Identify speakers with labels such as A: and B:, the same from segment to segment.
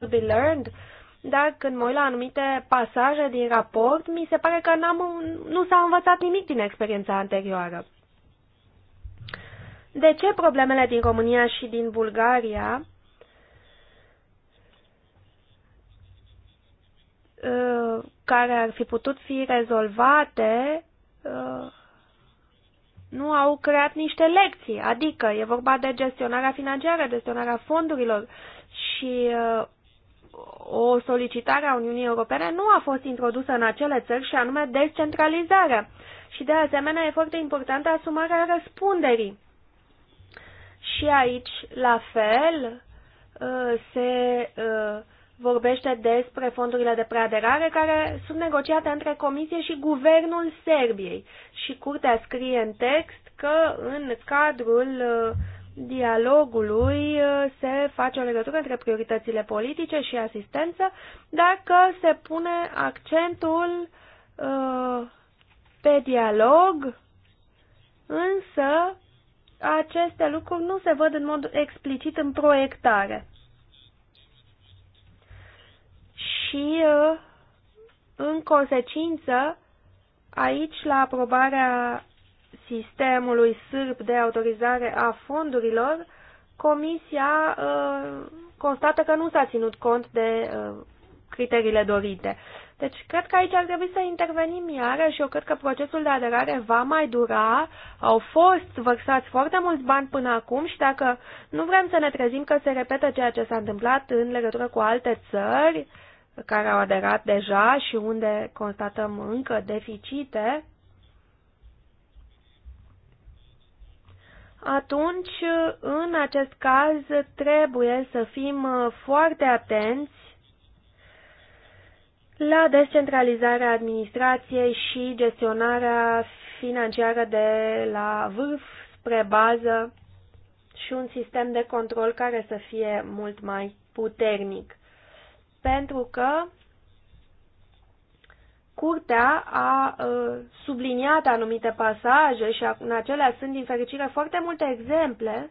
A: to be learned, dar când mă uit la anumite pasaje din raport, mi se pare că n-am, nu s-a învățat nimic din experiența anterioară. De ce problemele din România și din Bulgaria uh, care ar fi putut fi rezolvate uh, nu au creat niște lecții, adică e vorba de gestionarea financiară, gestionarea fondurilor și uh, o solicitare a Uniunii Europene nu a fost introdusă în acele țări și anume descentralizarea. Și de asemenea e foarte importantă asumarea răspunderii. Și aici, la fel, uh, se uh, vorbește despre fondurile de preaderare care sunt negociate între Comisie și Guvernul Serbiei. Și Curtea scrie în text că în cadrul uh, dialogului uh, se face o legătură între prioritățile politice și asistență dacă se pune accentul uh, pe dialog, însă aceste lucruri nu se văd în mod explicit în proiectare. Și, uh, în consecință, aici, la aprobarea sistemului sârb de autorizare a fondurilor, Comisia uh, constată că nu s-a ținut cont de uh, criteriile dorite. Deci, cred că aici ar trebui să intervenim iarăși. Eu cred că procesul de aderare va mai dura. Au fost vărsați foarte mulți bani până acum și dacă nu vrem să ne trezim că se repetă ceea ce s-a întâmplat în legătură cu alte țări care au aderat deja și unde constatăm încă deficite, atunci, în acest caz, trebuie să fim uh, foarte atenți la descentralizarea administrației și gestionarea financiară de la vârf spre bază și un sistem de control care să fie mult mai puternic. Pentru că Curtea a ă, subliniat anumite pasaje și în acelea sunt, din fericire, foarte multe exemple.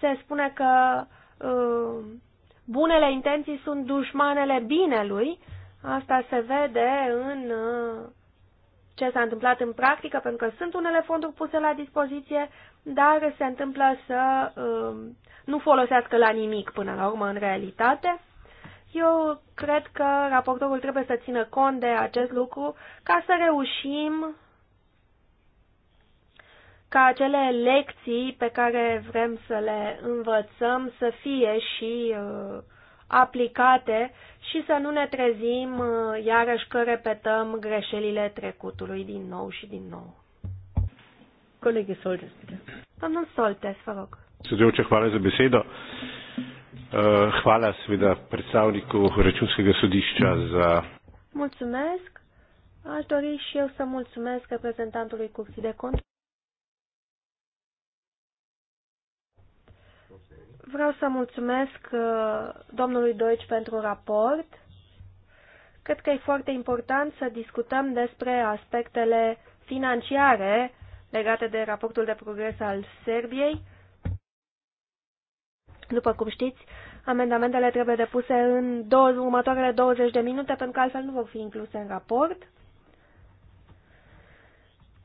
A: Se spune că ă, bunele intenții sunt dușmanele binelui. Asta se vede în ă, ce s-a întâmplat în practică, pentru că sunt unele fonduri puse la dispoziție, dar se întâmplă să nu folosească la nimic până la urmă în realitate. Eu cred că raportorul trebuie să țină cont de acest lucru ca să reușim ca acele lecții pe care vrem să le învățăm să fie și uh, aplicate și să nu ne trezim uh, iarăși că repetăm greșelile trecutului din nou și din nou. Colegii Soltes, bine. Domnul Soltes, vă rog.
B: Să ce mulțumesc, za Eh, hvala seveda predstavniku računskega sodišča za.
A: Mulțumesc. Aș dori și eu să mulțumesc reprezentantului Curții de Cont. Vreau să mulțumesc eh, domnului Deutsch pentru raport. Cred că e foarte important să discutăm despre aspectele financiare legate de raportul de progres al Serbiei după cum știți, amendamentele trebuie depuse în două, următoarele 20 de minute, pentru că altfel nu vor fi incluse în raport.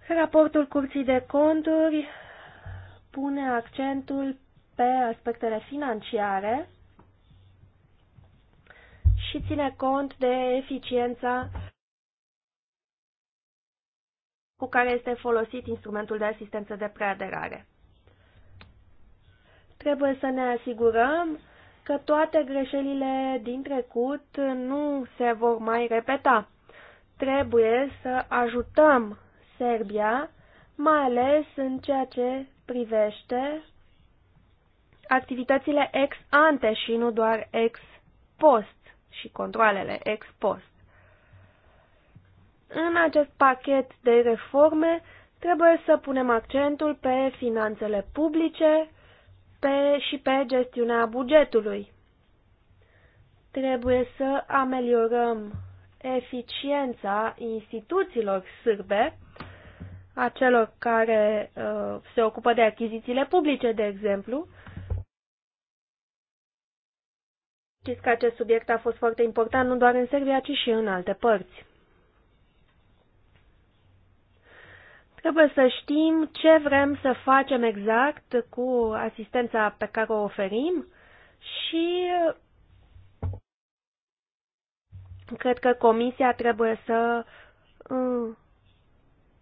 A: Raportul Curții de Conturi pune accentul pe aspectele financiare și ține cont de eficiența cu care este folosit instrumentul de asistență de preaderare. Trebuie să ne asigurăm că toate greșelile din trecut nu se vor mai repeta. Trebuie să ajutăm Serbia, mai ales în ceea ce privește activitățile ex ante și nu doar ex post și controlele ex post. În acest pachet de reforme trebuie să punem accentul pe finanțele publice, pe, și pe gestiunea bugetului. Trebuie să ameliorăm eficiența instituțiilor sârbe, a celor care uh, se ocupă de achizițiile publice, de exemplu. Știți că acest subiect a fost foarte important nu doar în Serbia, ci și în alte părți. Trebuie să știm ce vrem să facem exact cu asistența pe care o oferim și cred că Comisia trebuie să uh,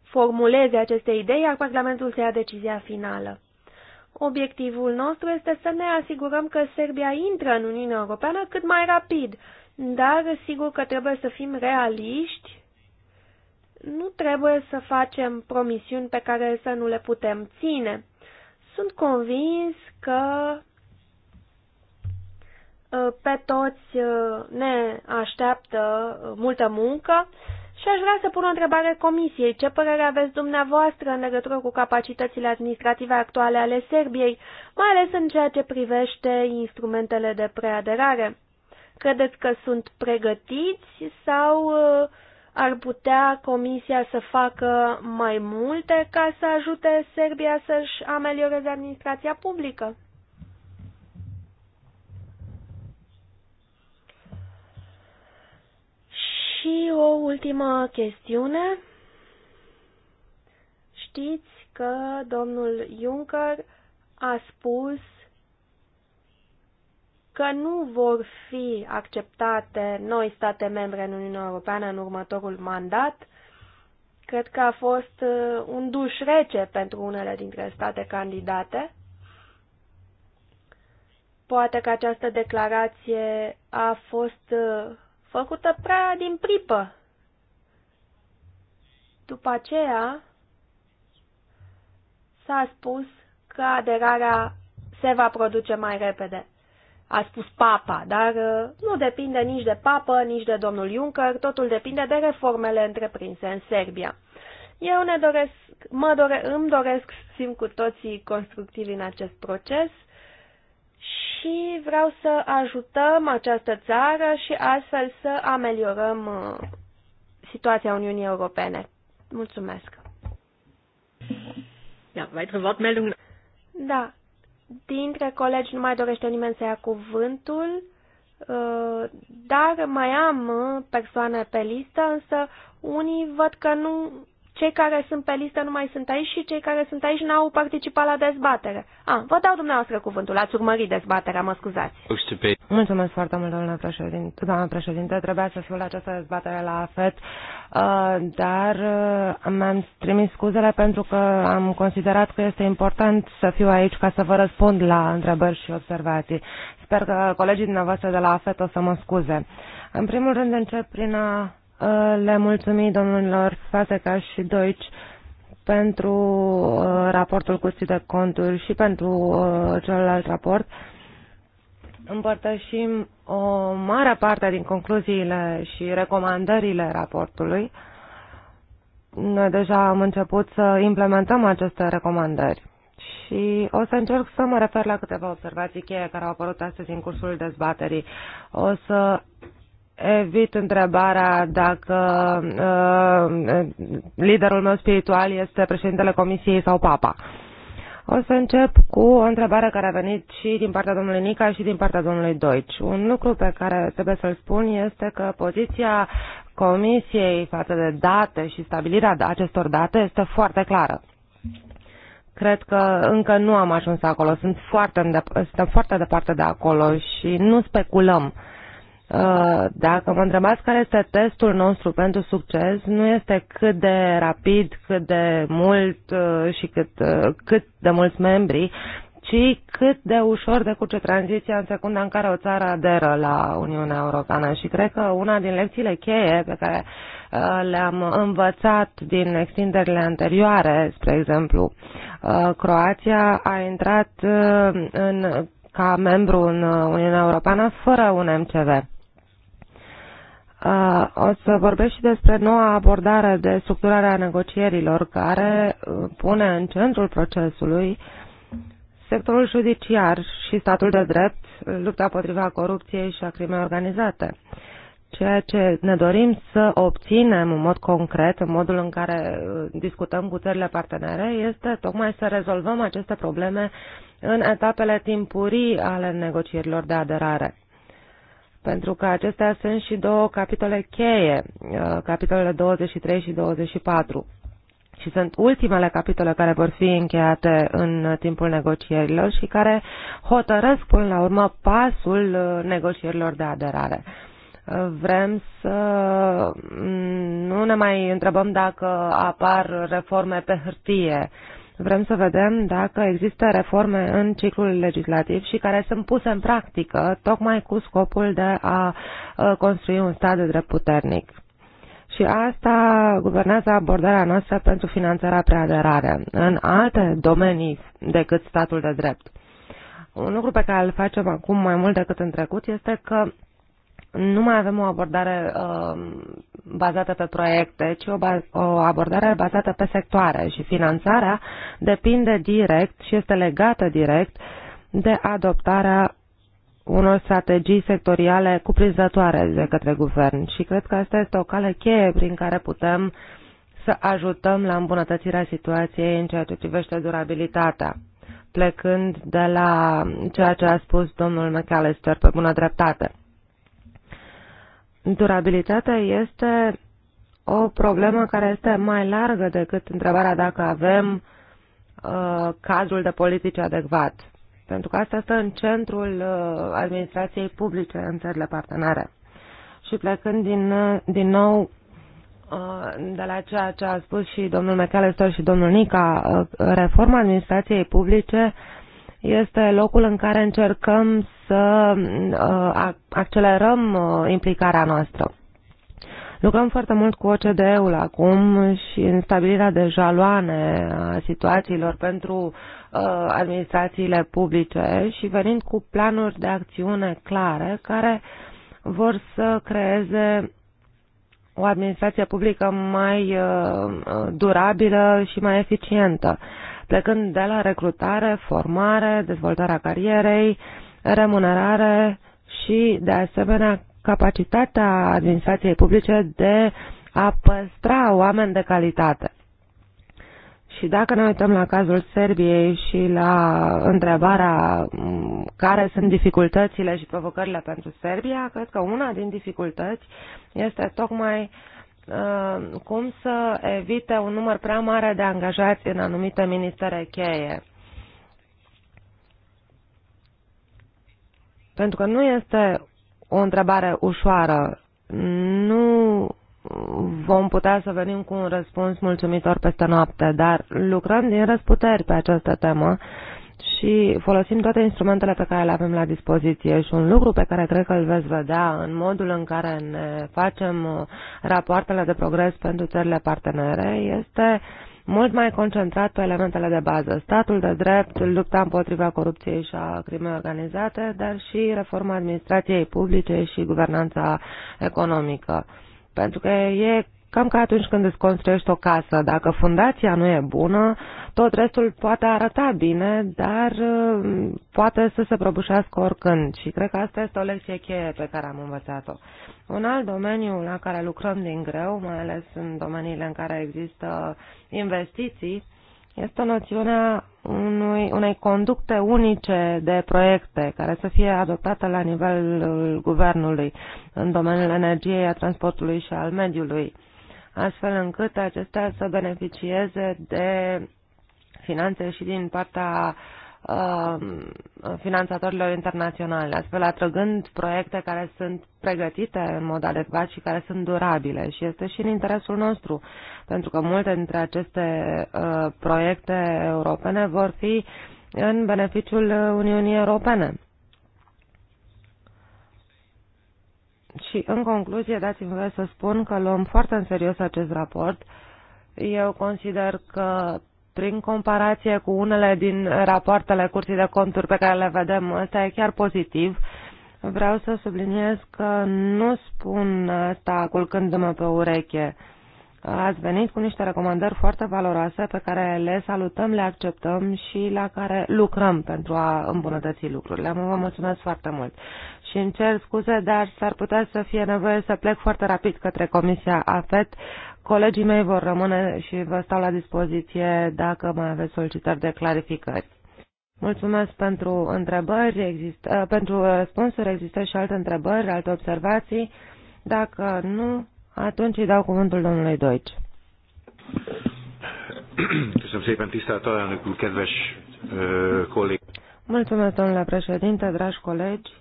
A: formuleze aceste idei, iar Parlamentul să ia decizia finală. Obiectivul nostru este să ne asigurăm că Serbia intră în Uniunea Europeană cât mai rapid, dar sigur că trebuie să fim realiști nu trebuie să facem promisiuni pe care să nu le putem ține. Sunt convins că uh, pe toți uh, ne așteaptă uh, multă muncă și aș vrea să pun o întrebare comisiei. Ce părere aveți dumneavoastră în legătură cu capacitățile administrative actuale ale Serbiei, mai ales în ceea ce privește instrumentele de preaderare? Credeți că sunt pregătiți sau uh, ar putea Comisia să facă mai multe ca să ajute Serbia să-și amelioreze administrația publică? Și o ultimă chestiune. Știți că domnul Juncker a spus că nu vor fi acceptate noi state membre în Uniunea Europeană în următorul mandat. Cred că a fost uh, un duș rece pentru unele dintre state candidate. Poate că această declarație a fost uh, făcută prea din pripă. După aceea s-a spus că aderarea se va produce mai repede a spus papa, dar uh, nu depinde nici de papă, nici de domnul Juncker, totul depinde de reformele întreprinse în Serbia. Eu ne doresc, mă dore, îmi doresc să simt cu toții constructivi în acest proces și vreau să ajutăm această țară și astfel să ameliorăm uh, situația Uniunii Europene. Mulțumesc!
B: Ja, weitere Wortmeldungen?
A: Da, Dintre colegi nu mai dorește nimeni să ia cuvântul, uh, dar mai am uh, persoane pe listă, însă unii văd că nu cei care sunt pe listă nu mai sunt aici și cei care sunt aici n-au participat la dezbatere. A, vă dau dumneavoastră cuvântul, ați urmărit
C: dezbaterea, mă scuzați. Mulțumesc foarte mult, doamna președinte. Doamna președinte, trebuia să fiu la această dezbatere la FET, uh, dar uh, mi-am trimis scuzele pentru că am considerat că este important să fiu aici ca să vă răspund la întrebări și observații. Sper că colegii dumneavoastră de la AFET o să mă scuze. În primul rând încep prin a le mulțumi domnilor Fateca și Deutsch pentru uh, raportul Curții de Conturi și pentru uh, celălalt raport. Împărtășim o mare parte din concluziile și recomandările raportului. Noi deja am început să implementăm aceste recomandări și o să încerc să mă refer la câteva observații cheie care au apărut astăzi în cursul dezbaterii. O să evit întrebarea dacă uh, liderul meu spiritual este președintele Comisiei sau Papa. O să încep cu o întrebare care a venit și din partea domnului Nica și din partea domnului Deutsch. Un lucru pe care trebuie să-l spun este că poziția Comisiei față de date și stabilirea acestor date este foarte clară cred că încă nu am ajuns acolo. Sunt foarte, suntem foarte departe de acolo și nu speculăm. Uh, dacă mă întrebați care este testul nostru pentru succes, nu este cât de rapid, cât de mult uh, și cât, uh, cât de mulți membri, ci cât de ușor decurge tranziția în secunda în care o țară aderă la Uniunea Europeană. Și cred că una din lecțiile cheie pe care le-am învățat din extinderile anterioare, spre exemplu, Croația a intrat în, ca membru în Uniunea Europeană fără un MCV. Uh, o să vorbesc și despre noua abordare de structurare a negocierilor care uh, pune în centrul procesului sectorul judiciar și statul de drept, uh, lupta potriva corupției și a crimei organizate. Ceea ce ne dorim să obținem în mod concret, în modul în care discutăm cu țările partenere, este tocmai să rezolvăm aceste probleme în etapele timpurii ale negocierilor de aderare pentru că acestea sunt și două capitole cheie, uh, capitolele 23 și 24. Și sunt ultimele capitole care vor fi încheiate în timpul negocierilor și care hotărăsc până la urmă pasul uh, negocierilor de aderare uh, vrem să mm, nu ne mai întrebăm dacă apar reforme pe hârtie Vrem să vedem dacă există reforme în ciclul legislativ și care sunt puse în practică tocmai cu scopul de a ă, construi un stat de drept puternic. Și asta guvernează abordarea noastră pentru finanțarea preaderare în alte domenii decât statul de drept. Un lucru pe care îl facem acum mai mult decât în trecut este că nu mai avem o abordare uh, bazată pe proiecte, ci o, o abordare bazată pe sectoare și finanțarea depinde direct și este legată direct de adoptarea unor strategii sectoriale cuprinzătoare de către guvern și cred că asta este o cale cheie prin care putem să ajutăm la îmbunătățirea situației în ceea ce privește durabilitatea, plecând de la ceea ce a spus domnul McAllister pe bună dreptate durabilitatea este o problemă care este mai largă decât întrebarea dacă avem uh, cazul de politici adecvat. Pentru că asta stă în centrul uh, administrației publice în țările partenere. Și plecând din, uh, din nou uh, de la ceea ce a spus și domnul McAllister și domnul Nica, uh, reforma administrației publice este locul în care încercăm să uh, accelerăm uh, implicarea noastră. Lucrăm foarte mult cu OCDE-ul acum și în stabilirea de jaloane a situațiilor pentru uh, administrațiile publice și venind cu planuri de acțiune clare care vor să creeze o administrație publică mai uh, durabilă și mai eficientă. Uh, plecând de la recrutare, formare, dezvoltarea carierei, remunerare și, de asemenea, capacitatea administrației publice de a păstra oameni de calitate. Și dacă ne uităm la cazul Serbiei și la întrebarea care sunt dificultățile și provocările pentru Serbia, cred că una din dificultăți este tocmai Uh, cum să evite un număr prea mare de angajați în anumite ministere cheie. Pentru că nu este o întrebare ușoară. Nu vom putea să venim cu un răspuns mulțumitor peste noapte, dar lucrăm din răsputeri pe această temă și folosim toate instrumentele pe care le avem la dispoziție și un lucru pe care cred că îl veți vedea în modul în care ne facem uh, rapoartele de progres pentru țările partenere este mult mai concentrat pe elementele de bază, statul de drept, lupta împotriva corupției și a crimei organizate, dar și reforma administrației publice și guvernanța economică. Pentru că e Cam ca atunci când îți construiești o casă, dacă fundația nu e bună, tot restul poate arăta bine, dar uh, poate să se prăbușească oricând și cred că asta este o lecție cheie pe care am învățat-o. Un alt domeniu la care lucrăm din greu, mai ales în domeniile în care există investiții, este noțiunea unui, unei conducte unice de proiecte care să fie adoptată la nivelul guvernului în domeniul energiei, a transportului și al mediului astfel încât acestea să beneficieze de finanțe și din partea uh, finanțatorilor internaționale, astfel atrăgând proiecte care sunt pregătite în mod adecvat și care sunt durabile. Și este și în interesul nostru, pentru că multe dintre aceste uh, proiecte europene vor fi în beneficiul Uniunii Europene. Și, în concluzie, dați-mi voie să spun că luăm foarte în serios acest raport. Eu consider că, prin comparație cu unele din rapoartele curții de conturi pe care le vedem, ăsta e chiar pozitiv. Vreau să subliniez că nu spun asta culcându-mă pe ureche. Ați venit cu niște recomandări foarte valoroase pe care le salutăm, le acceptăm și la care lucrăm pentru a îmbunătăți lucrurile. Vă mulțumesc foarte mult și îmi cer scuze, dar s-ar putea să fie nevoie să plec foarte rapid către Comisia AFET. Colegii mei vor rămâne și vă stau la dispoziție dacă mai aveți solicitări de clarificări. Mulțumesc pentru întrebări, există, pentru răspunsuri. Există și alte întrebări, alte observații? Dacă nu, atunci îi dau cuvântul domnului Deutsch. Mulțumesc, domnule președinte, dragi colegi!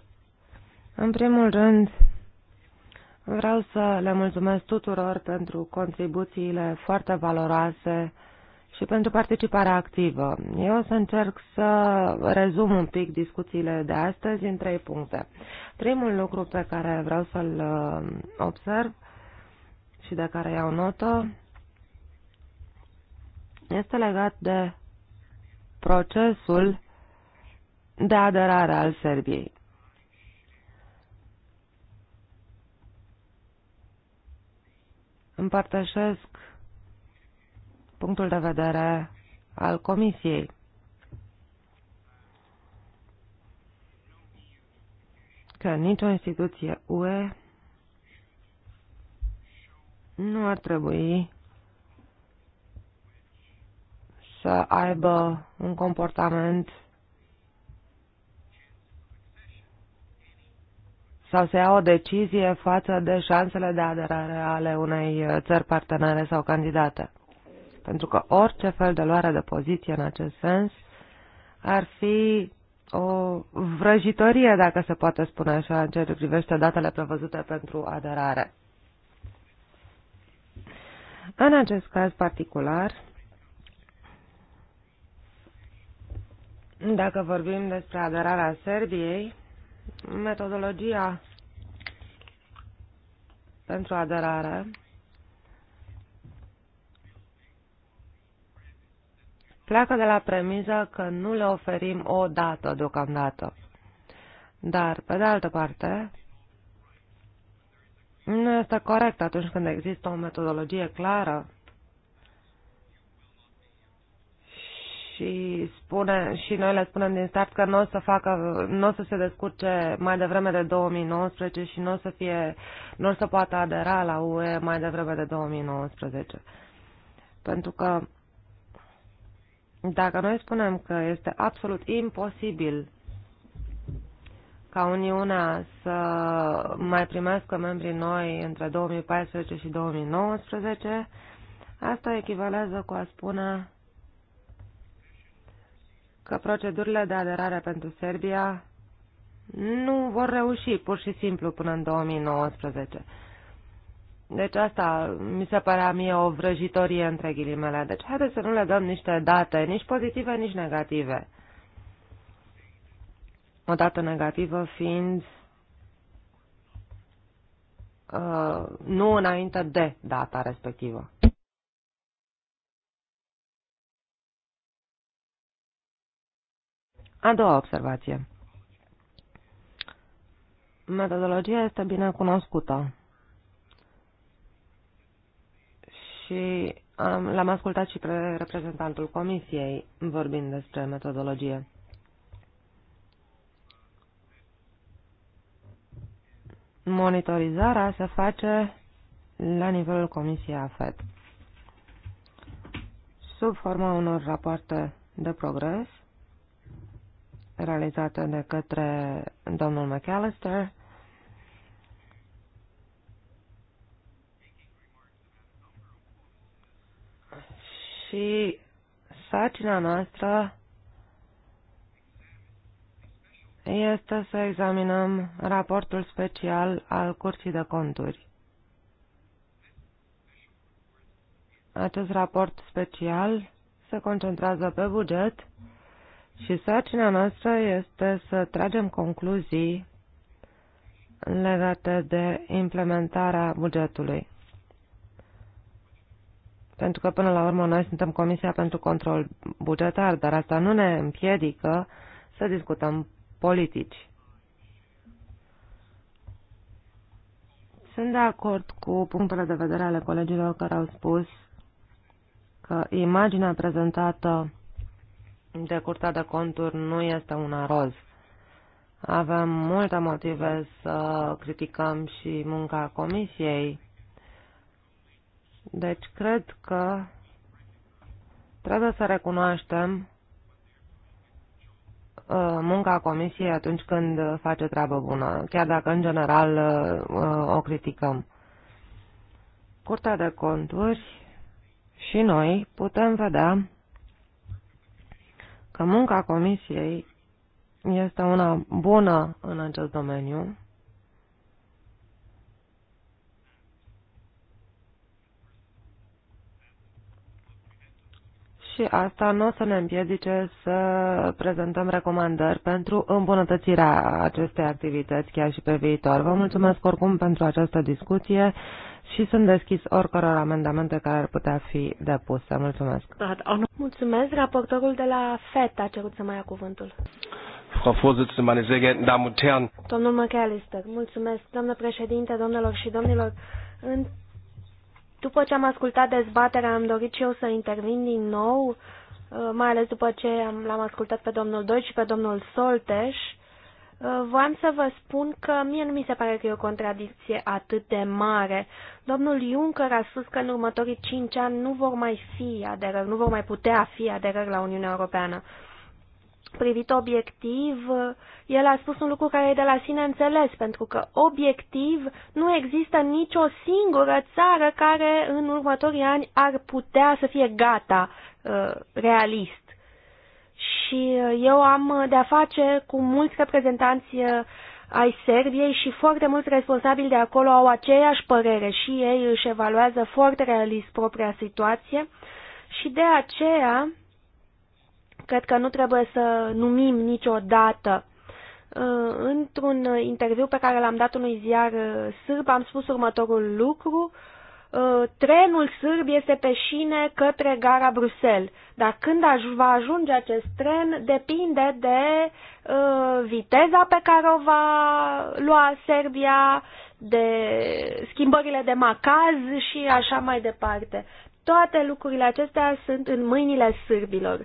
C: În primul rând, vreau să le mulțumesc tuturor pentru contribuțiile foarte valoroase și pentru participarea activă. Eu o să încerc să rezum un pic discuțiile de astăzi în trei puncte. Primul lucru pe care vreau să-l uh, observ și de care iau notă este legat de procesul de aderare al Serbiei. împărtășesc punctul de vedere al Comisiei. Că nicio instituție UE nu ar trebui să aibă un comportament sau să ia o decizie față de șansele de aderare ale unei uh, țări partenere sau candidate. Pentru că orice fel de luare de poziție în acest sens ar fi o vrăjitorie, dacă se poate spune așa, în ceea ce privește datele prevăzute pentru aderare. În acest caz particular, dacă vorbim despre aderarea Serbiei, metodologia pentru aderare pleacă de la premiza că nu le oferim o dată deocamdată. Dar, pe de altă parte, nu este corect atunci când există o metodologie clară și, spune, și noi le spunem din start că nu o să, facă, nu o să se descurce mai devreme de 2019 și nu o să, fie, nu o să poată adera la UE mai devreme de 2019. Pentru că dacă noi spunem că este absolut imposibil ca Uniunea să mai primească membrii noi între 2014 și 2019, asta echivalează cu a spune că procedurile de aderare pentru Serbia nu vor reuși pur și simplu până în 2019. Deci asta mi se părea mie o vrăjitorie între ghilimele. Deci haideți să nu le dăm niște date, nici pozitive, nici negative. O dată negativă fiind uh, nu înainte de data respectivă. A doua observație. Metodologia este bine cunoscută. Și l-am ascultat și pe reprezentantul comisiei vorbind despre metodologie. Monitorizarea se face la nivelul comisiei AFET sub forma unor rapoarte de progres realizată de către domnul McAllister, și sarcina noastră este să examinăm raportul special al Curții de Conturi. Acest raport special se concentrează pe buget și sarcina noastră este să tragem concluzii legate de implementarea bugetului. Pentru că, până la urmă, noi suntem Comisia pentru Control Bugetar, dar asta nu ne împiedică să discutăm politici. Sunt de acord cu punctele de vedere ale colegilor care au spus că imaginea prezentată de Curtea de Conturi nu este una roz. Avem multe motive să criticăm și munca Comisiei. Deci cred că trebuie să recunoaștem uh, munca Comisiei atunci când face treabă bună, chiar dacă în general uh, uh, o criticăm. Curtea de conturi și noi putem vedea că munca Comisiei este una bună în acest domeniu și asta nu o să ne împiedice să prezentăm recomandări pentru îmbunătățirea acestei activități chiar și pe viitor. Vă mulțumesc oricum pentru această discuție și sunt deschis oricăror amendamente care ar putea fi depuse. Mulțumesc.
B: Mulțumesc.
A: Raportorul de la FET a cerut să mai ia cuvântul.
D: Frau Vorsitzende, meine sehr geehrten
A: Damen und Herren. Domnul McAllister, mulțumesc, domnule președinte, domnilor și domnilor. În după ce am ascultat dezbaterea, am dorit și eu să intervin din nou, uh, mai ales după ce l-am ascultat pe domnul Doi și pe domnul Solteș. Uh, voiam să vă spun că mie nu mi se pare că e o contradicție atât de mare. Domnul Juncker a spus că în următorii cinci ani nu vor mai fi aderări, nu vor mai putea fi aderări la Uniunea Europeană privit obiectiv, el a spus un lucru care e de la sine înțeles, pentru că obiectiv nu există nicio singură țară care în următorii ani ar putea să fie gata uh, realist. Și uh, eu am de-a face cu mulți reprezentanți uh, ai Serbiei și foarte mulți responsabili de acolo au aceeași părere și ei își evaluează foarte realist propria situație și de aceea Cred că nu trebuie să numim niciodată. Uh, într-un interviu pe care l-am dat unui ziar uh, sârb, am spus următorul lucru. Uh, trenul sârb este pe șine către gara Bruxelles, dar când va ajunge acest tren depinde de viteza pe care o va lua Serbia, de schimbările de macaz și așa mai departe. Toate lucrurile acestea sunt în mâinile sârbilor.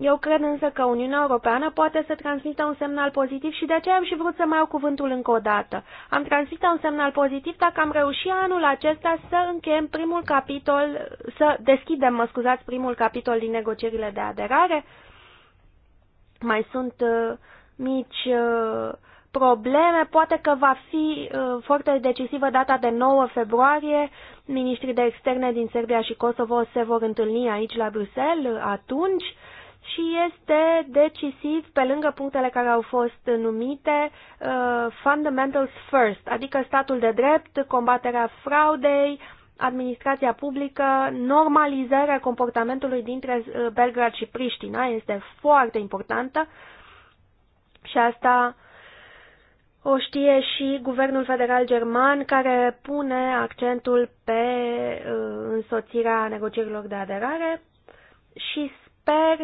A: Eu cred însă că Uniunea Europeană poate să transmită un semnal pozitiv și de aceea am și vrut să mai au cuvântul încă o dată. Am transmită un semnal pozitiv dacă am reușit anul acesta să încheiem primul capitol, să deschidem, mă scuzați, primul capitol din negocierile de aderare. Mai sunt uh, mici uh, probleme, poate că va fi uh, foarte decisivă data de 9 februarie. Ministrii de externe din Serbia și Kosovo se vor întâlni aici la Bruxelles atunci și este decisiv, pe lângă punctele care au fost numite, uh, fundamentals first, adică statul de drept, combaterea fraudei, administrația publică, normalizarea comportamentului dintre uh, Belgrad și Priștina este foarte importantă și asta o știe și guvernul federal german care pune accentul pe uh, însoțirea negocierilor de aderare și sper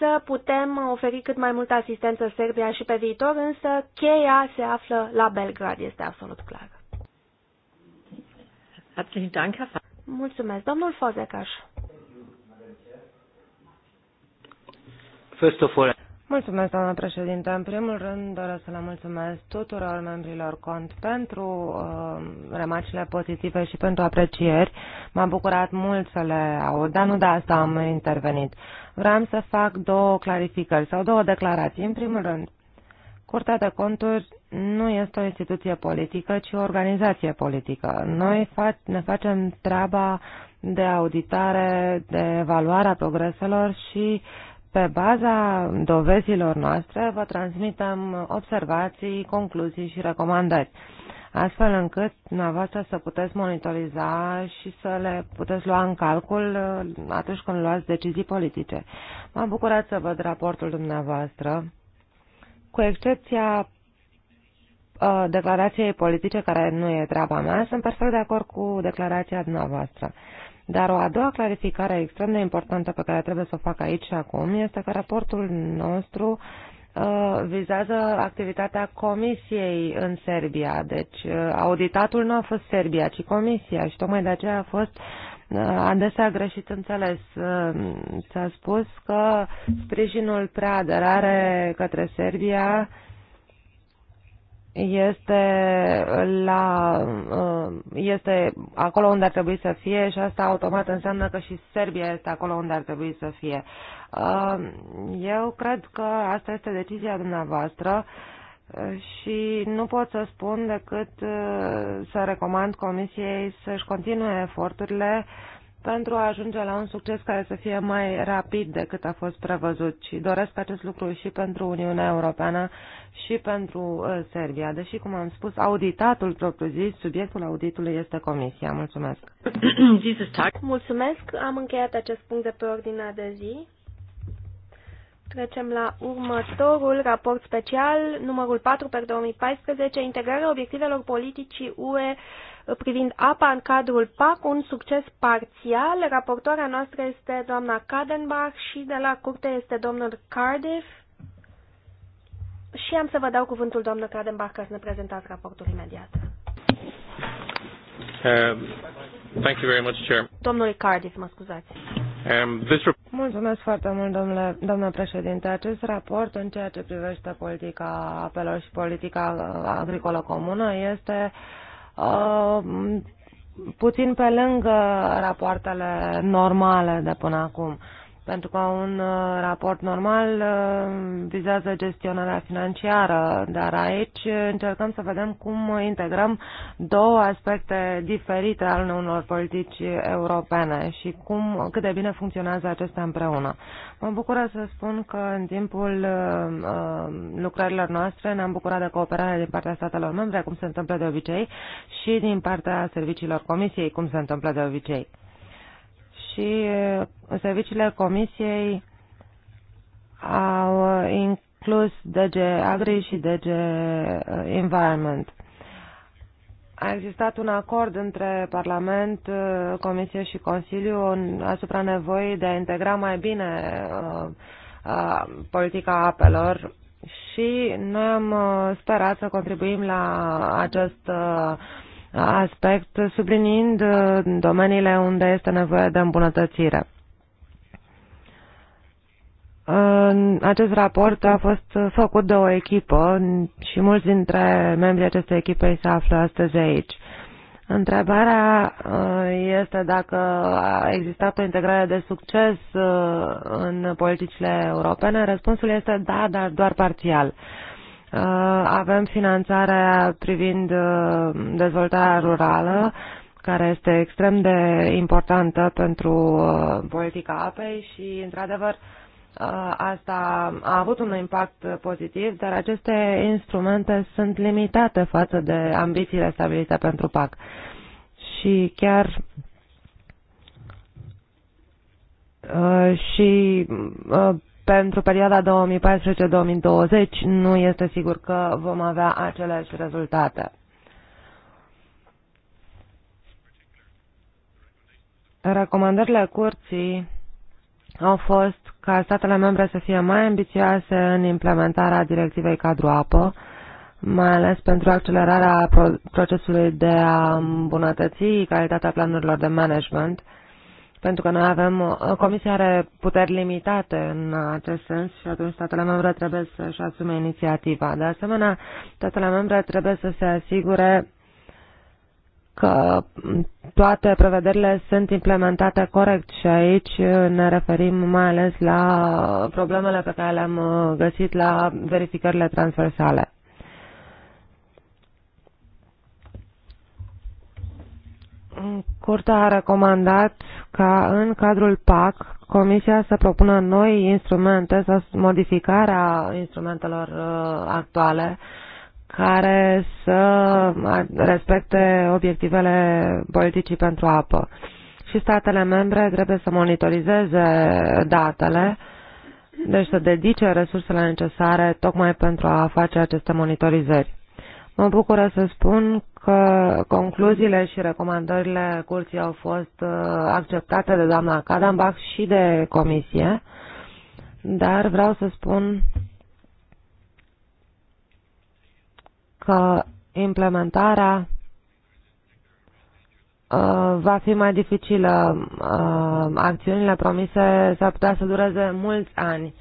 A: să putem oferi cât mai multă asistență Serbia și pe viitor, însă cheia se află la Belgrad, este absolut clar.
C: Mulțumesc. Domnul Fozecaș. First of all, Mulțumesc, doamna președinte. În primul rând doresc să le mulțumesc tuturor membrilor cont pentru uh, remarcile pozitive și pentru aprecieri. M-a bucurat mult să le aud, dar nu de asta am intervenit. Vreau să fac două clarificări sau două declarații. În primul rând, Curtea de Conturi nu este o instituție politică, ci o organizație politică. Noi fa- ne facem treaba de auditare, de evaluare a progreselor și uh, pe baza dovezilor noastre vă transmitem observații, concluzii și recomandări, astfel încât dumneavoastră să puteți monitoriza și să le puteți lua în calcul uh, atunci când luați decizii politice. M-am bucurat să văd raportul dumneavoastră, cu excepția uh, declarației politice, care nu e treaba mea, sunt perfect de acord cu declarația dumneavoastră. Dar o a doua clarificare extrem de importantă pe care trebuie să o fac aici și acum este că raportul nostru uh, vizează activitatea Comisiei în Serbia. Deci uh, auditatul nu a fost Serbia, ci Comisia și tocmai de aceea a fost uh, adesea greșit înțeles. S-a spus că sprijinul preaderare către Serbia este, la, uh, este acolo unde ar trebui să fie și asta automat înseamnă că și Serbia este acolo unde ar trebui să fie. Uh, eu cred că asta este decizia dumneavoastră și nu pot să spun decât uh, să recomand Comisiei să-și continue eforturile pentru a ajunge la un succes care să fie mai rapid decât a fost prevăzut și doresc acest lucru și pentru Uniunea Europeană și pentru uh, Serbia. Deși, cum am spus, auditatul propriu-zis, subiectul auditului este Comisia. Mulțumesc!
A: Mulțumesc! Am încheiat acest punct de pe ordinea de zi. Trecem la următorul raport special, numărul 4 pe 2014, integrarea obiectivelor politicii UE privind apa în cadrul PAC, un succes parțial. Raportoarea noastră este doamna Kadenbach și de la curte este domnul Cardiff. Și am să vă dau cuvântul, doamnă Kadenbach, ca să ne prezentați raportul imediat.
C: Um, thank you very much, Chair. Domnului Cardiff, mă scuzați. Um, this... Mulțumesc foarte mult, domnule, domnule președinte. Acest raport în ceea ce privește politica apelor și politica agricolă comună este uh, Uh, puțin pe lângă rapoartele normale de până acum. Pentru că un uh, raport normal uh, vizează gestionarea financiară, dar aici încercăm să vedem cum integrăm două aspecte diferite ale unor politici europene și cum, cât de bine funcționează acestea împreună. Mă bucură să spun că în timpul uh, lucrărilor noastre ne-am bucurat de cooperare din partea statelor membre, cum se întâmplă de obicei, și din partea serviciilor comisiei, cum se întâmplă de obicei și uh, serviciile Comisiei au uh, inclus DG Agri și DG uh, Environment. A existat un acord între Parlament, Comisie și Consiliu asupra nevoii de a integra mai bine politica apelor și noi am sperat să contribuim la acest uh, aspect, subliniind uh, domeniile unde este nevoie de îmbunătățire. Acest raport a fost făcut de o echipă și mulți dintre membrii acestei echipe se află astăzi aici. Întrebarea uh, este dacă a existat o integrare de succes uh, în politicile europene. Răspunsul este da, dar doar parțial. Uh, avem finanțarea privind uh, dezvoltarea rurală, care este extrem de importantă pentru uh, politica apei și, într-adevăr, asta a avut un impact pozitiv, dar aceste instrumente sunt limitate față de ambițiile stabilite pentru PAC. Și chiar și pentru perioada 2014-2020 nu este sigur că vom avea aceleași rezultate. Recomandările curții au fost ca statele membre să fie mai ambițioase în implementarea directivei cadru apă, mai ales pentru accelerarea procesului de a îmbunătăți calitatea planurilor de management, pentru că noi avem, uh, Comisia are puteri limitate în acest sens și atunci statele membre trebuie să-și asume inițiativa. De asemenea, statele membre trebuie să se asigure că toate prevederile sunt implementate corect și aici ne referim mai ales la problemele pe care le-am uh, găsit la verificările transversale. Curtea a recomandat ca în cadrul PAC Comisia să propună noi instrumente sau modificarea instrumentelor uh, actuale care să respecte obiectivele politicii pentru apă. Și statele membre trebuie să monitorizeze datele, deci să dedice resursele necesare tocmai pentru a face aceste monitorizări. Mă bucură să spun că concluziile și recomandările curții au fost uh, acceptate de doamna Cadambach și de comisie, dar vreau să spun că implementarea uh, va fi mai dificilă. Uh, acțiunile promise s-ar putea să dureze mulți ani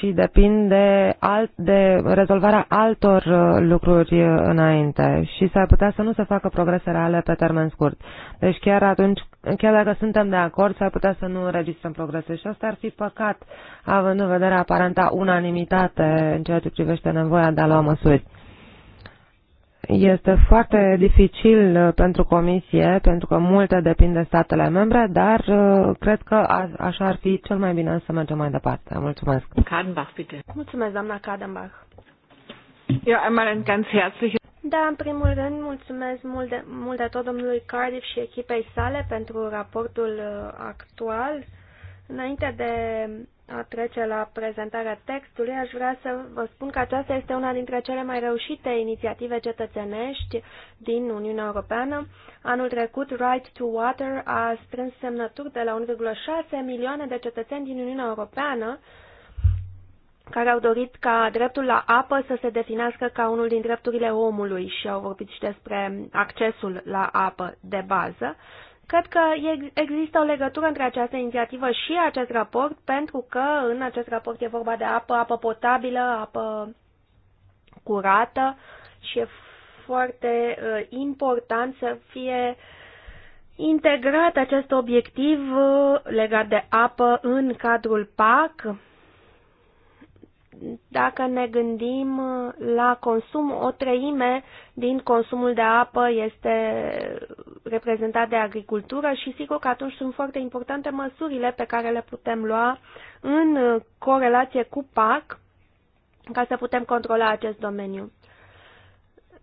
C: și depind de, alt, de rezolvarea altor uh, lucruri uh, înainte și s-ar putea să nu se facă progrese reale pe termen scurt. Deci chiar atunci, chiar dacă suntem de acord, s-ar putea să nu înregistrăm progrese și asta ar fi păcat, având în vedere aparenta unanimitate în ceea ce privește nevoia de a lua măsuri. Este foarte dificil uh, pentru Comisie, pentru că multe depind de statele membre, dar uh, cred că așa ar fi cel mai bine să mergem mai departe. Mulțumesc.
A: Kadenbach, bitte. Mulțumesc, doamna Kadenbach.
B: Eu am ein ganz
A: Da, în primul rând, mulțumesc mult de, mult de tot domnului Cardiff și echipei sale pentru raportul uh, actual Înainte de a trece la prezentarea textului, aș vrea să vă spun că aceasta este una dintre cele mai reușite inițiative cetățenești din Uniunea Europeană. Anul trecut, Right to Water a strâns semnături de la 1,6 milioane de cetățeni din Uniunea Europeană care au dorit ca dreptul la apă să se definească ca unul din drepturile omului și au vorbit și despre accesul la apă de bază. Cred că există o legătură între această inițiativă și acest raport, pentru că în acest raport e vorba de apă, apă potabilă, apă curată și e foarte uh, important să fie integrat acest obiectiv uh, legat de apă în cadrul PAC dacă ne gândim uh, la consum, o treime din consumul de apă este reprezentat de agricultură și sigur că atunci sunt foarte importante măsurile pe care le putem lua în uh, corelație cu PAC ca să putem controla acest domeniu.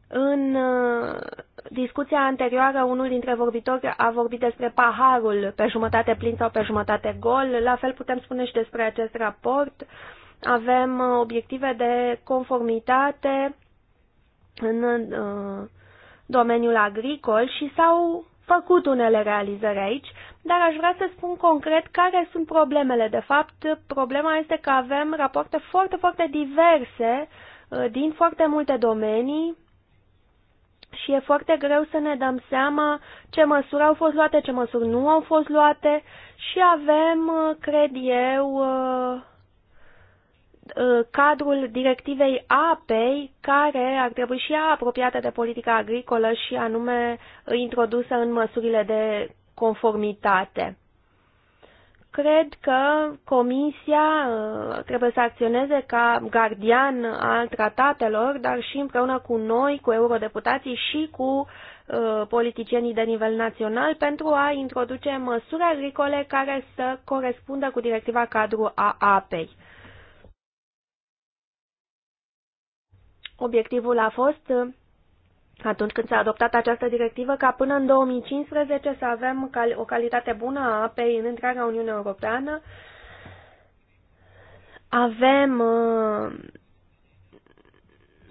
A: În uh, discuția anterioară, unul dintre vorbitori a vorbit despre paharul pe jumătate plin sau pe jumătate gol. La fel putem spune și despre acest raport avem uh, obiective de conformitate în uh, domeniul agricol și s-au făcut unele realizări aici, dar aș vrea să spun concret care sunt problemele. De fapt, problema este că avem rapoarte foarte, foarte diverse uh, din foarte multe domenii și e foarte greu să ne dăm seama ce măsuri au fost luate, ce măsuri nu au fost luate și avem, cred eu, Uh, cadrul directivei apei, care ar trebui și ea apropiată de politica agricolă și anume introdusă în măsurile de conformitate. Cred că Comisia uh, trebuie să acționeze ca gardian al tratatelor, dar și împreună cu noi, cu eurodeputații și cu uh, politicienii de nivel național pentru a introduce măsuri agricole care să corespundă cu directiva cadru a apei Obiectivul a fost, uh, atunci când s-a adoptat această directivă, ca până în 2015 să avem o calitate bună a apei în întreaga Uniune Europeană. Avem uh,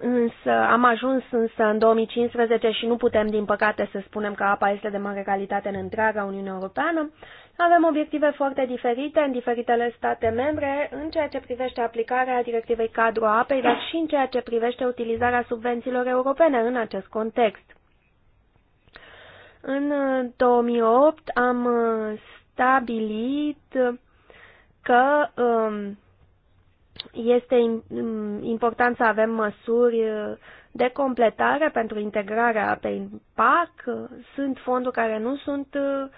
A: Însă am ajuns însă în 2015 și nu putem, din păcate, să spunem că apa este de mare calitate în întreaga Uniune Europeană. Avem obiective foarte diferite în diferitele state membre în ceea ce privește aplicarea directivei cadru a apei, dar și în ceea ce privește utilizarea subvențiilor europene în acest context. În 2008 am stabilit că um, este important să avem măsuri de completare pentru integrarea pe PAC. Sunt fonduri care nu sunt uh,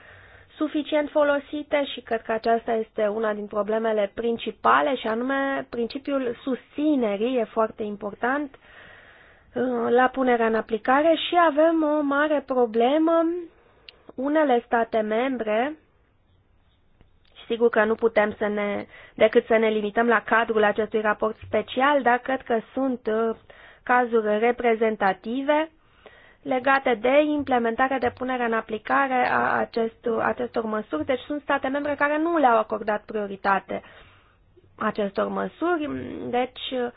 A: suficient folosite și cred că aceasta este una din problemele principale și anume principiul susținerii e foarte important uh, la punerea în aplicare și avem o mare problemă. Unele state membre Sigur că nu putem să ne, decât să ne limităm la cadrul acestui raport special, dar cred că sunt uh, cazuri reprezentative legate de implementarea, de punere în aplicare a acestor, acestor măsuri. Deci sunt state membre care nu le-au acordat prioritate acestor măsuri, deci uh,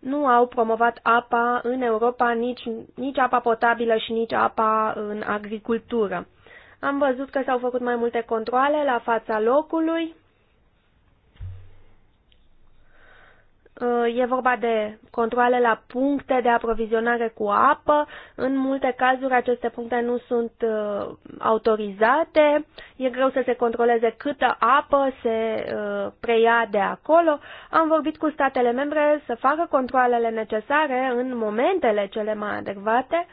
A: nu au promovat apa în Europa, nici, nici apa potabilă și nici apa în agricultură. Am văzut că s-au făcut mai multe controle la fața locului. Uh, e vorba de controle la puncte de aprovizionare cu apă. În multe cazuri aceste puncte nu sunt uh, autorizate. E greu să se controleze câtă apă se uh, preia de acolo. Am vorbit cu statele membre să facă controlele necesare în momentele cele mai adecvate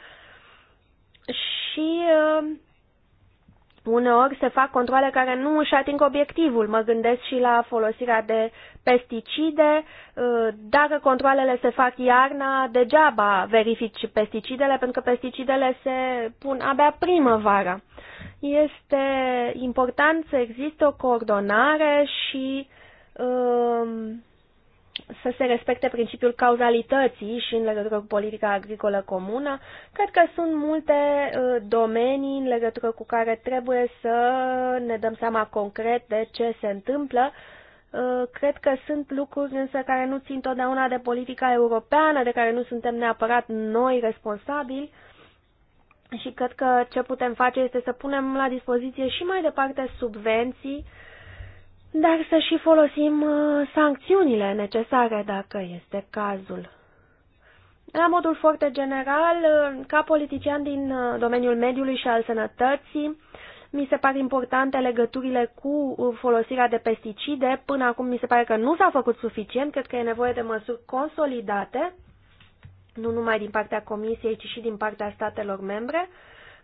A: și uh, Uneori se fac controle care nu își ating obiectivul. Mă gândesc și la folosirea de pesticide. Uh, dacă controlele se fac iarna, degeaba verifici pesticidele, pentru că pesticidele se pun abia primăvara. Este important să existe o coordonare și um, să se respecte principiul cauzalității și în legătură cu politica agricolă comună. Cred că sunt multe uh, domenii în legătură cu care trebuie să ne dăm seama concret de ce se întâmplă. Uh, cred că sunt lucruri însă care nu țin totdeauna de politica europeană, de care nu suntem neapărat noi responsabili și cred că ce putem face este să punem la dispoziție și mai departe subvenții uh, dar să și folosim uh, sancțiunile necesare dacă este cazul. La modul foarte general, uh, ca politician din uh, domeniul mediului și al sănătății, mi se par importante legăturile cu folosirea de pesticide. Până acum mi se pare că nu s-a făcut suficient, cred că e nevoie de măsuri consolidate, nu numai din partea Comisiei, ci și din partea statelor membre.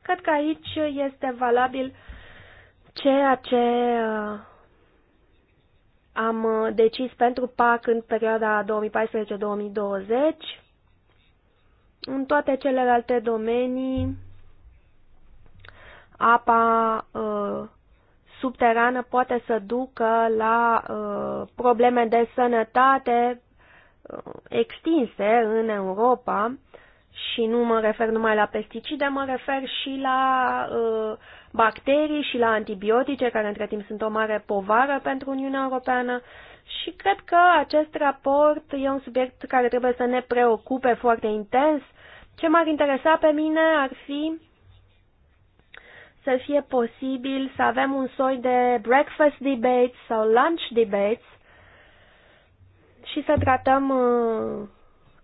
A: Cred că aici este valabil ceea ce am uh, decis pentru PAC în perioada 2014-2020. În toate celelalte domenii, apa uh, subterană poate să ducă la uh, probleme de sănătate uh, extinse în Europa și nu mă refer numai la pesticide, mă refer și la uh, bacterii și la antibiotice, care între timp sunt o mare povară pentru Uniunea Europeană. Și cred că acest raport e un subiect care trebuie să ne preocupe foarte intens. Ce m-ar interesa pe mine ar fi să fie posibil să avem un soi de breakfast debates sau lunch debates și să tratăm uh,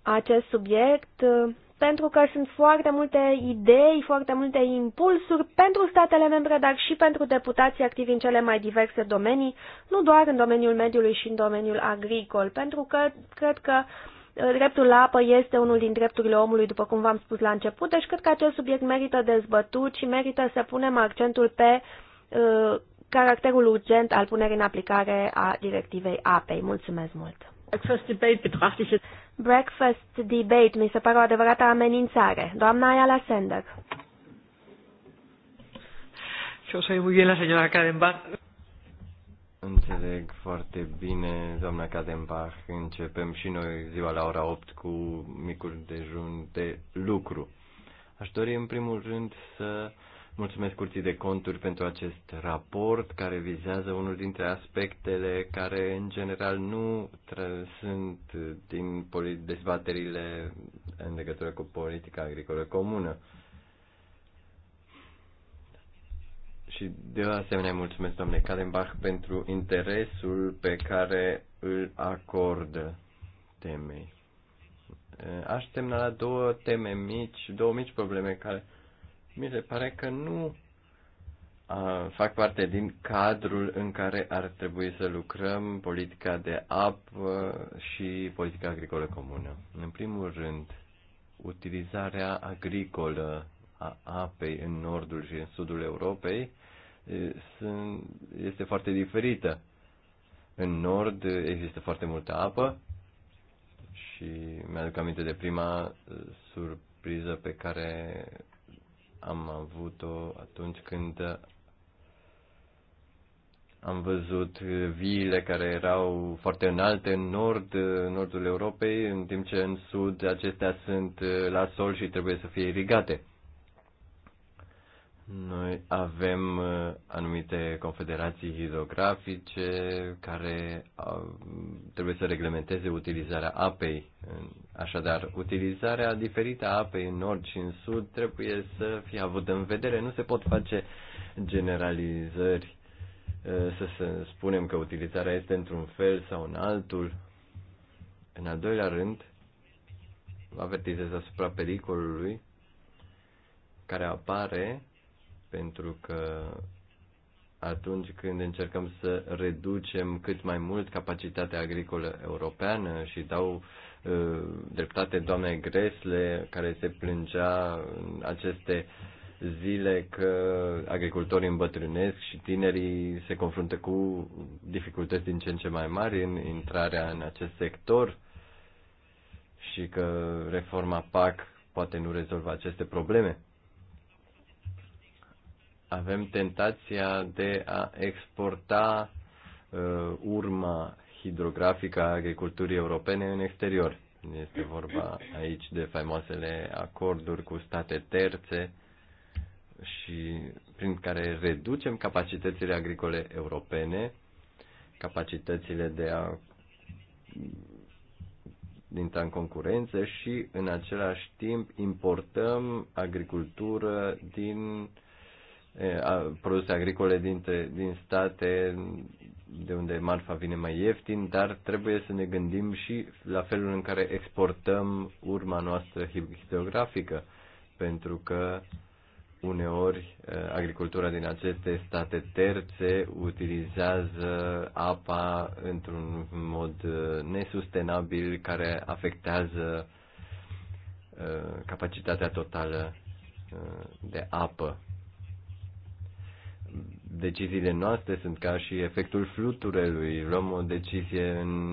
A: acest subiect uh, pentru că sunt foarte multe idei, foarte multe impulsuri pentru statele membre, dar și pentru deputații activi în cele mai diverse domenii, nu doar în domeniul mediului și în domeniul agricol, pentru că cred că uh, dreptul la apă este unul din drepturile omului, după cum v-am spus la început, deci cred că acest subiect merită dezbătut și merită să punem accentul pe uh, caracterul urgent al punerii în aplicare a directivei apei. Mulțumesc mult!
B: Breakfast debate betrachte ich jetzt. Breakfast
A: debate mi se pare o adevărată amenințare. Doamna Ayala Sender.
B: Eu sunt muy bien la señora Kadenbach.
D: Înțeleg foarte bine, doamna Kadenbach. Începem și noi ziua la ora 8 cu micul dejun de lucru. Aș dori în primul rând să Mulțumesc Curții de Conturi pentru acest raport care vizează unul dintre aspectele care în general nu sunt din dezbaterile în legătură cu politica agricolă comună. Și de asemenea mulțumesc doamne Kallenbach pentru interesul pe care îl acordă temei. Aș semna la două teme mici, două mici probleme care mi se pare că nu fac parte din cadrul în care ar trebui să lucrăm politica de apă și politica agricolă comună. În primul rând, utilizarea agricolă a apei în nordul și în sudul Europei este foarte diferită. În nord există foarte multă apă și mi-aduc aminte de prima surpriză pe care am avut-o atunci când am văzut viile care erau foarte înalte în nord, în nordul Europei, în timp ce în sud acestea sunt la sol și trebuie să fie irigate. Noi avem uh, anumite confederații hidrografice care uh, trebuie să reglementeze utilizarea apei. Așadar, utilizarea diferită a apei în nord și în sud trebuie să fie avută în vedere. Nu se pot face generalizări uh, să, să spunem că utilizarea este într-un fel sau în altul. În al doilea rând, avertizez asupra pericolului care apare pentru că atunci când încercăm să reducem cât mai mult capacitatea agricolă europeană și dau uh, dreptate doamnei Gresle care se plângea în aceste zile că agricultorii îmbătrânesc și tinerii se confruntă cu dificultăți din ce în ce mai mari în intrarea în acest sector și că reforma PAC poate nu rezolvă aceste probleme avem tentația de a exporta uh, urma hidrografică a agriculturii europene în exterior. Este vorba aici de faimoasele acorduri cu state terțe și prin care reducem capacitățile agricole europene, capacitățile de a intra în concurență și în același timp importăm agricultură din uh, produse agricole dintre, din state de unde marfa vine mai ieftin, dar trebuie să ne gândim și la felul în care exportăm urma noastră hidrografică, pentru că uneori agricultura din aceste state terțe utilizează apa într-un mod nesustenabil care afectează capacitatea totală de apă deciziile noastre sunt ca și efectul fluturelui. Luăm o decizie în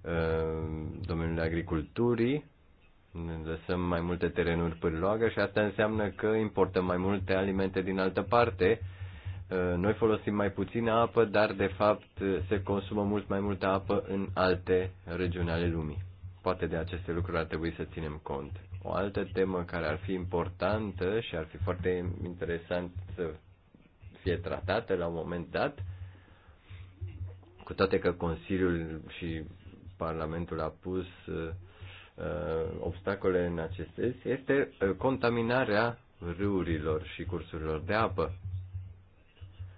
D: uh, domeniul agriculturii, lăsăm mai multe terenuri pârloagă și asta înseamnă că importăm mai multe alimente din altă parte. Uh, noi folosim mai puțină apă, dar de fapt se consumă mult mai multă apă în alte regiuni ale lumii. Poate de aceste lucruri ar trebui să ținem cont. O altă temă care ar fi importantă și ar fi foarte interesant să fie tratate la un moment dat, cu toate că Consiliul și Parlamentul a pus uh, uh obstacole în acest sens, este uh, contaminarea râurilor și cursurilor de apă.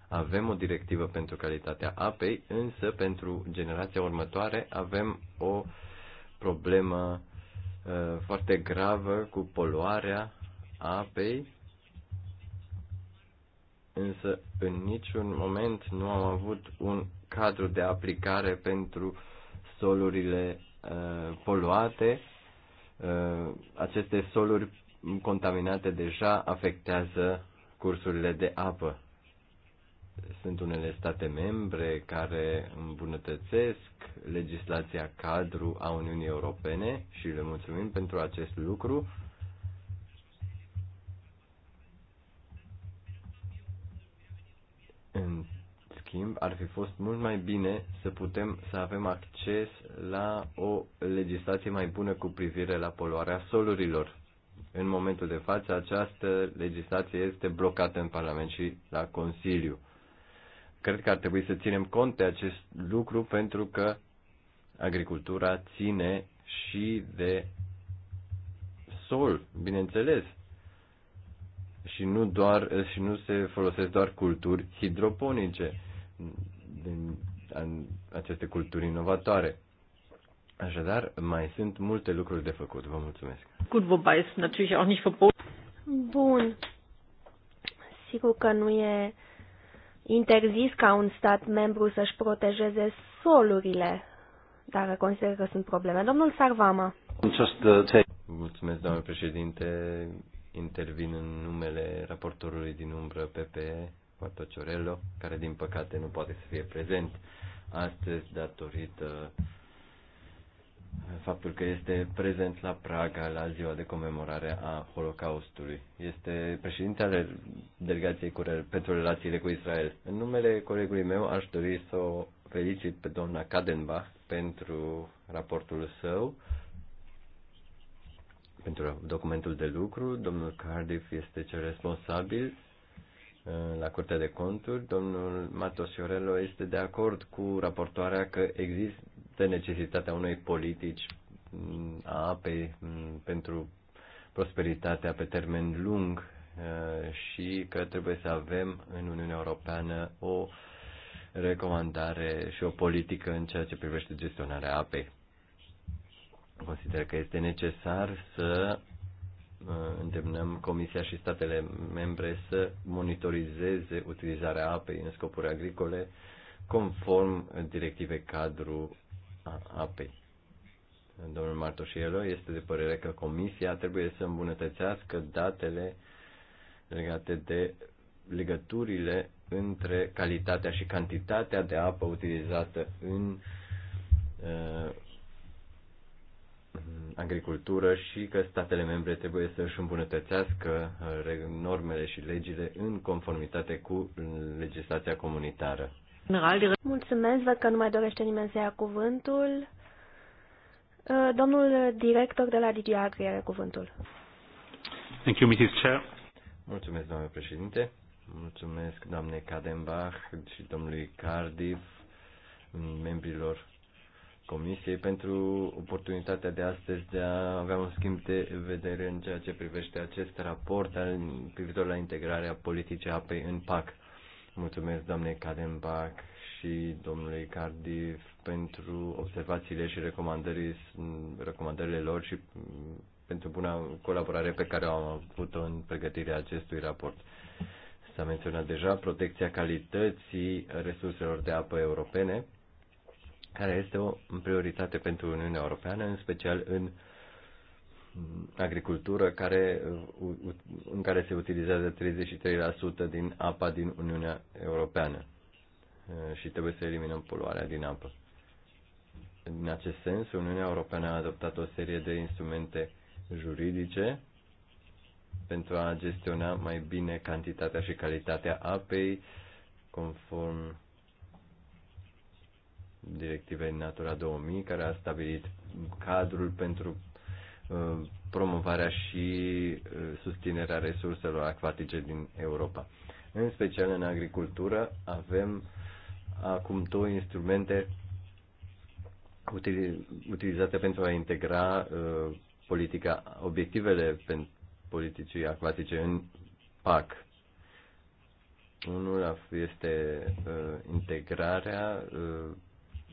D: Avem o directivă pentru calitatea apei, însă pentru generația următoare avem o problemă uh, foarte gravă cu poluarea apei însă în niciun moment nu am avut un cadru de aplicare pentru solurile uh, poluate. Uh, aceste soluri contaminate deja afectează cursurile de apă. Sunt unele state membre care îmbunătățesc legislația cadru a Uniunii Europene și le mulțumim pentru acest lucru În schimb, ar fi fost mult mai bine să putem să avem acces la o legislație mai bună cu privire la poluarea solurilor. În momentul de față, această legislație este blocată în Parlament și la Consiliu. Cred că ar trebui să ținem cont de acest lucru pentru că agricultura ține și de sol, bineînțeles și nu, doar, și nu se folosesc doar culturi hidroponice, din aceste culturi inovatoare. Așadar, mai sunt multe lucruri de făcut. Vă mulțumesc.
B: Gut, wobei es natürlich auch nicht verboten. Bun.
A: Sigur că nu e interzis ca un stat membru să-și protejeze solurile, dacă consideră că sunt probleme. Domnul Sarvama.
D: Uh, mulțumesc, doamnă președinte intervin în numele raportorului din umbră PPE, Marto Ciorello, care din păcate nu poate să fie prezent astăzi datorită faptul că este prezent la Praga la ziua de comemorare a Holocaustului. Este președintele delegației cu, pentru relațiile cu Israel. În numele colegului meu aș dori să o felicit pe doamna Kadenbach pentru raportul său pentru documentul de lucru. Domnul Cardiff este cel responsabil uh, la Curtea de Conturi. Domnul Matos Iorello este de acord cu raportoarea că există necesitatea unei politici mm, a apei mm, pentru prosperitatea pe termen lung uh, și că trebuie să avem în Uniunea Europeană o recomandare și o politică în ceea ce privește gestionarea apei. Consider că este necesar să uh, îndemnăm Comisia și statele membre să monitorizeze utilizarea apei în scopuri agricole conform directivei cadru a apei. Domnul Martoșielo este de părere că Comisia trebuie să îmbunătățească datele legate de legăturile între calitatea și cantitatea de apă utilizată în uh, Mm, agricultură și că statele membre trebuie să își îmbunătățească uh, normele și legile în conformitate cu legislația comunitară.
B: Mulțumesc, văd
A: că nu mai dorește nimeni să ia cuvântul. Uh, domnul director de la DG Agri are cuvântul.
D: Thank you, Mrs. Chair. Mulțumesc, doamne președinte. Mulțumesc, doamne Kadenbach și domnului Cardiff, membrilor Comisiei pentru oportunitatea de astăzi de a avea un schimb de vedere în ceea ce privește acest raport al privitor la integrarea politicii apei în PAC. Mulțumesc doamne Cadenbach și domnului Cardiff pentru observațiile și recomandările lor și mm, pentru buna colaborare pe care am avut-o în pregătirea acestui raport. S-a menționat deja protecția calității resurselor de apă europene, care este o prioritate pentru Uniunea Europeană, în special în agricultură, care, în care se utilizează 33% din apa din Uniunea Europeană uh, și trebuie să eliminăm poluarea din apă. În acest sens, Uniunea Europeană a adoptat o serie de instrumente juridice pentru a gestiona mai bine cantitatea și calitatea apei, conform directivei Natura 2000, care a stabilit cadrul pentru uh, promovarea și uh, susținerea resurselor acvatice din Europa. În special în agricultură avem acum două instrumente utilizate pentru a integra uh, politica, obiectivele politicii acvatice în PAC. Unul este integrarea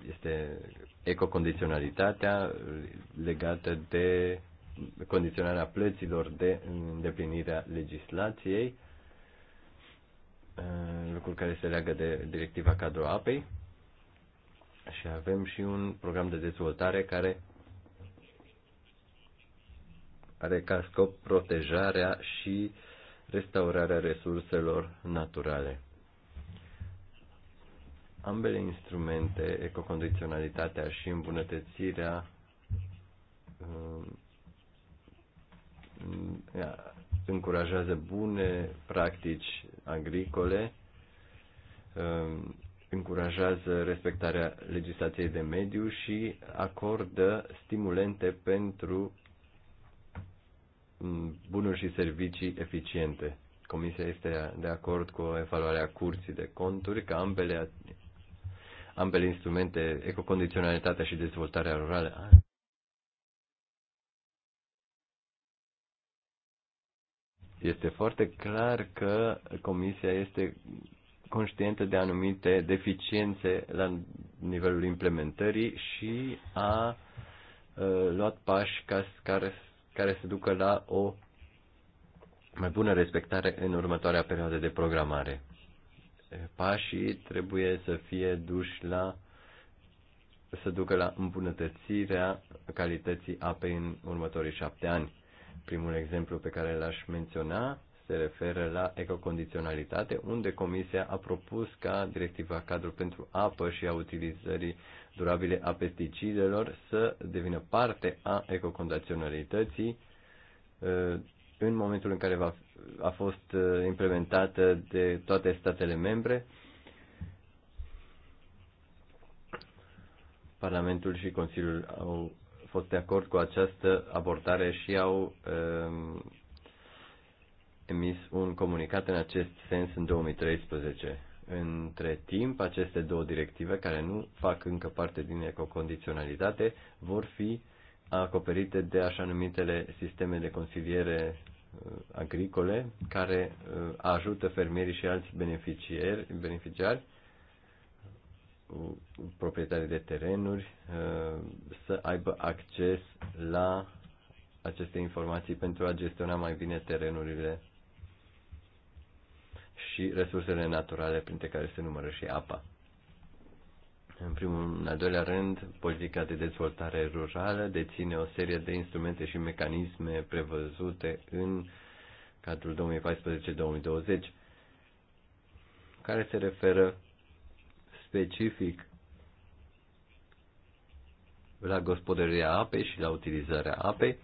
D: este ecocondiționalitatea legată de condiționarea plăților de îndeplinirea legislației, uh, lucru care se leagă de directiva Cadrul apei și avem și un program de dezvoltare care are ca scop protejarea și restaurarea resurselor naturale ambele instrumente, ecocondiționalitatea și îmbunătățirea um, încurajează bune practici agricole, um, încurajează respectarea legislației de mediu și acordă stimulente pentru um, bunuri și servicii eficiente. Comisia este de acord cu evaluarea curții de conturi că ambele ambele instrumente, ecocondiționalitatea și dezvoltarea rurală. Ah. Este foarte clar că Comisia este conștientă de anumite deficiențe la nivelul implementării și a uh, luat pași care, care să ducă la o mai bună respectare în următoarea perioadă de programare pașii trebuie să fie duși la să ducă la îmbunătățirea calității apei în următorii șapte ani. Primul exemplu pe care l-aș menționa se referă la ecocondiționalitate, unde Comisia a propus ca directiva cadru pentru apă și a utilizării durabile a pesticidelor să devină parte a ecocondiționalității uh, în momentul în care va a fost uh, implementată de toate statele membre. Parlamentul și Consiliul au fost de acord cu această abordare și au um, emis un comunicat în acest sens în 2013. Între timp, aceste două directive, care nu fac încă parte din ecocondiționalitate, vor fi acoperite de așa numitele sisteme de consiliere Uh, agricole care uh, ajută fermierii și alți beneficiari, beneficiari proprietarii de terenuri uh, să aibă acces la aceste informații pentru a gestiona mai bine terenurile și resursele naturale, printre care se numără și apa. În primul, în al doilea rând, politica de dezvoltare rurală deține o serie de instrumente și mecanisme prevăzute în cadrul 2014-2020, care se referă specific la gospodăria apei și la utilizarea apei,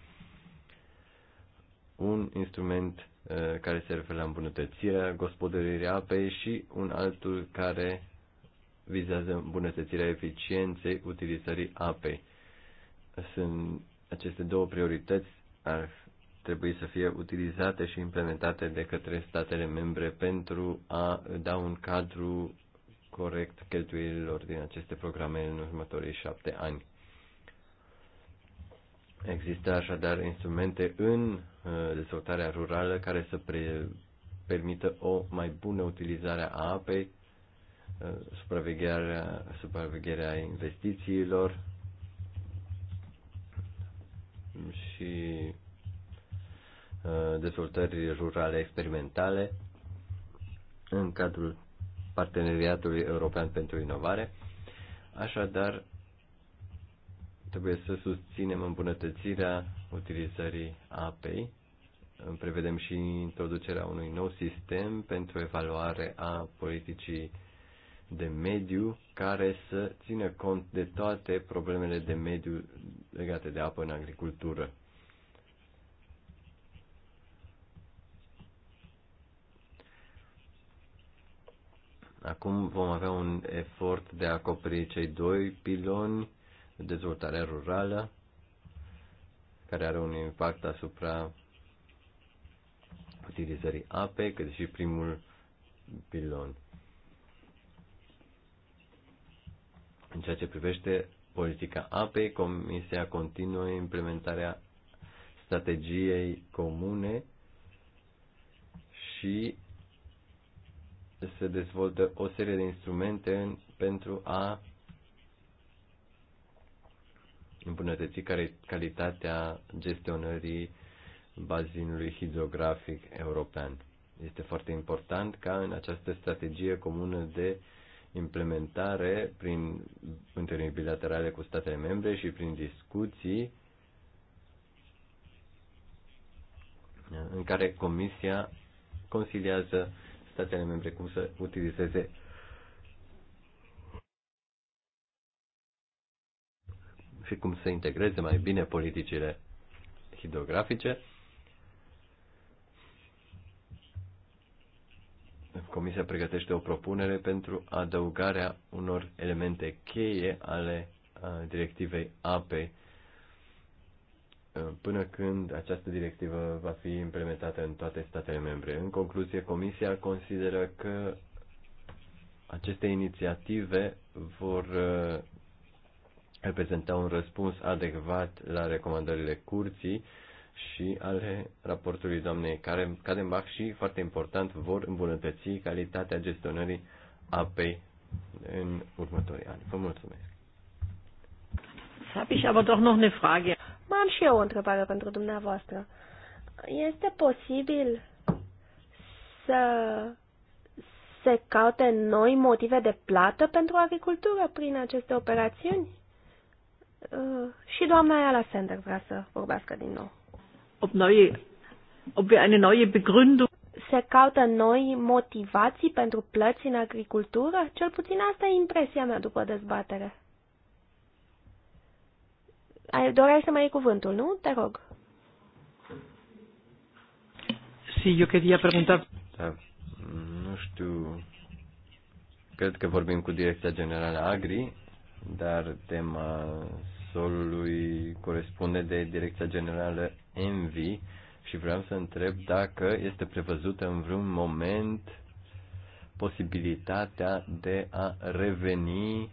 D: un instrument uh, care se referă la îmbunătățirea gospodăririi apei și un altul care vizează îmbunătățirea eficienței utilizării apei. Sunt aceste două priorități ar trebui să fie utilizate și implementate de către statele membre pentru a da un cadru corect cheltuielilor din aceste programe în următorii șapte ani. Există așadar instrumente în uh, dezvoltarea rurală care să pre- permită o mai bună utilizare a apei Uh, supravegherea, supravegherea investițiilor și uh, dezvoltări rurale experimentale în cadrul Parteneriatului European pentru Inovare. Așadar, trebuie să susținem îmbunătățirea utilizării apei. Prevedem și introducerea unui nou sistem pentru evaluare a politicii de mediu care să țină cont de toate problemele de mediu legate de apă în agricultură. Acum vom avea un efort de a acoperi cei doi piloni, de dezvoltare rurală, care are un impact asupra utilizării apei, cât și primul pilon. În ceea ce privește politica apei, Comisia continuă implementarea strategiei comune și se dezvoltă o serie de instrumente în, pentru a îmbunătăți calitatea gestionării bazinului hidrografic european. Este foarte important ca în această strategie comună de implementare prin întâlniri bilaterale cu statele membre și prin discuții în care Comisia consiliază statele membre cum să utilizeze și cum să integreze mai bine politicile hidrografice. Comisia pregătește o propunere pentru adăugarea unor elemente cheie ale directivei APE până când această directivă va fi implementată în toate statele membre. În concluzie, Comisia consideră că aceste inițiative vor reprezenta un răspuns adecvat la recomandările curții și ale raportului doamnei Cadenbach și, foarte important, vor îmbunătăți calitatea gestionării apei în următorii ani. Vă mulțumesc.
B: Habe ich aber doch noch eine Frage. am și eu o întrebare pentru
A: dumneavoastră. Este posibil să se caute noi motive de plată pentru agricultură prin aceste operațiuni? Uh, și doamna Ayala Sender vrea să vorbească din nou
B: ob neue, ob wir eine neue Begründung
A: se caută noi motivații pentru plăți în agricultură? Cel puțin asta e impresia mea după dezbatere. Doreai să mai iei cuvântul, nu? Te rog.
B: Si eu queria preguntar...
D: Da, nu știu... Cred că vorbim cu direcția generală Agri, dar tema solului corespunde de Direcția Generală Envi și vreau să întreb dacă este prevăzută în vreun moment posibilitatea de a reveni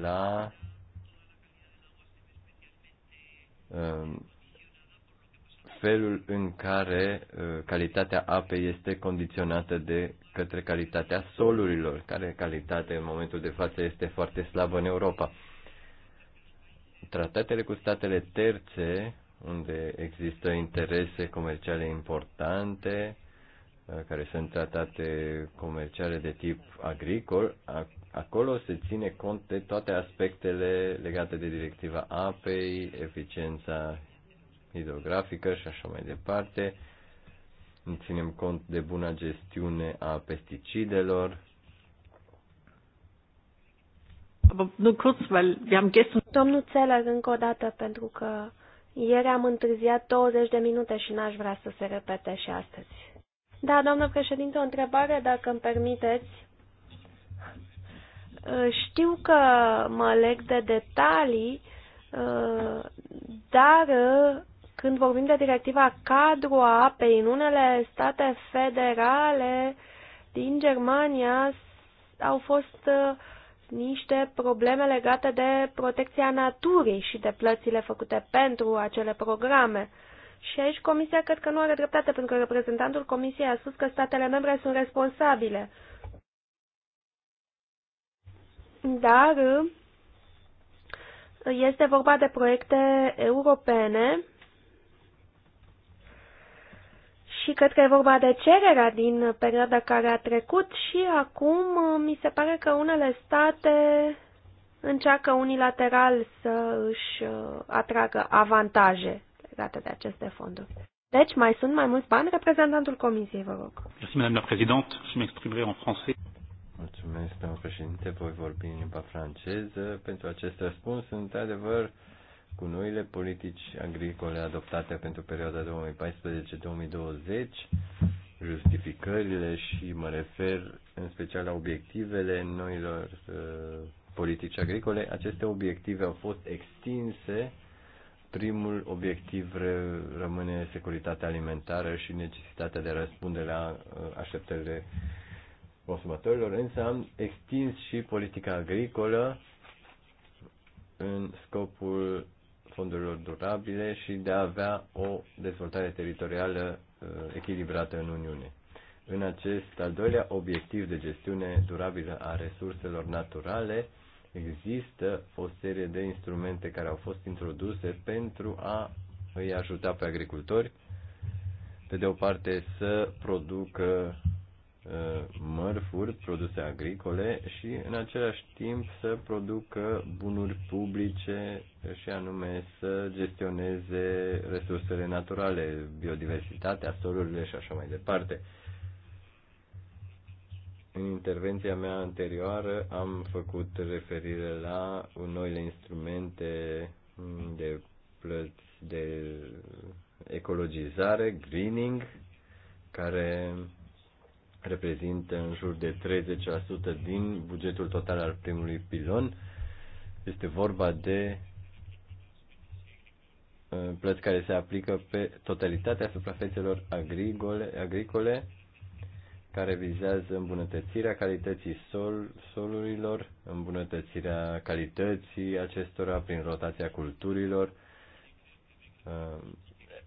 D: la um, felul în care uh, calitatea apei este condiționată de către calitatea solurilor, care calitate în momentul de față este foarte slabă în Europa tratatele cu statele terțe, unde există interese comerciale importante, uh, care sunt tratate comerciale de tip agricol, acolo se ține cont de toate aspectele legate de directiva apei, eficiența hidrografică și așa mai departe. Ținem cont de buna gestiune a pesticidelor,
A: Domnul Țeler, încă o dată, pentru că ieri am întârziat 20 de minute și n-aș vrea să se repete și astăzi. Da, doamnă președinte, o întrebare, dacă îmi permiteți. Știu că mă leg de detalii, dar când vorbim de directiva cadru a apei în unele state federale din Germania, au fost niște probleme legate de protecția naturii și de plățile făcute pentru acele programe. Și aici Comisia cred că nu are dreptate, pentru că reprezentantul Comisiei a spus că statele membre sunt responsabile. Dar este vorba de proiecte europene și cred că e vorba de cererea din perioada care a trecut și acum uh, mi se pare că unele state încearcă unilateral să își uh, atragă avantaje legate de aceste fonduri. Deci, mai sunt mai mulți bani? Reprezentantul Comisiei, vă rog.
D: Merci, Madame la Présidente. Je m'exprimerai en français. Mulțumesc, doamnă președinte. Voi vorbi în limba franceză pentru acest răspuns. Într-adevăr, cu noile politici agricole adoptate pentru perioada 2014-2020, justificările și mă refer în special la obiectivele noilor uh, politici agricole, aceste obiective au fost extinse. Primul obiectiv rămâne securitatea alimentară și necesitatea de a răspunde la uh, așteptările consumatorilor, însă am extins și politica agricolă în scopul fondurilor durabile și de a avea o dezvoltare teritorială uh, echilibrată în Uniune. În acest al doilea obiectiv de gestiune durabilă a resurselor naturale, există o serie de instrumente care au fost introduse pentru a îi ajuta pe agricultori, pe de o parte, să producă Uh, mărfuri, produse agricole și în același timp să producă bunuri publice și anume să gestioneze resursele naturale, biodiversitatea, solurile și așa mai departe. În intervenția mea anterioară am făcut referire la noile instrumente de plăți de ecologizare, greening, care reprezintă în jur de 30% din bugetul total al primului pilon. Este vorba de uh, plăți care se aplică pe totalitatea suprafețelor agricole, agricole care vizează îmbunătățirea calității sol, solurilor, îmbunătățirea calității acestora prin rotația culturilor. Uh,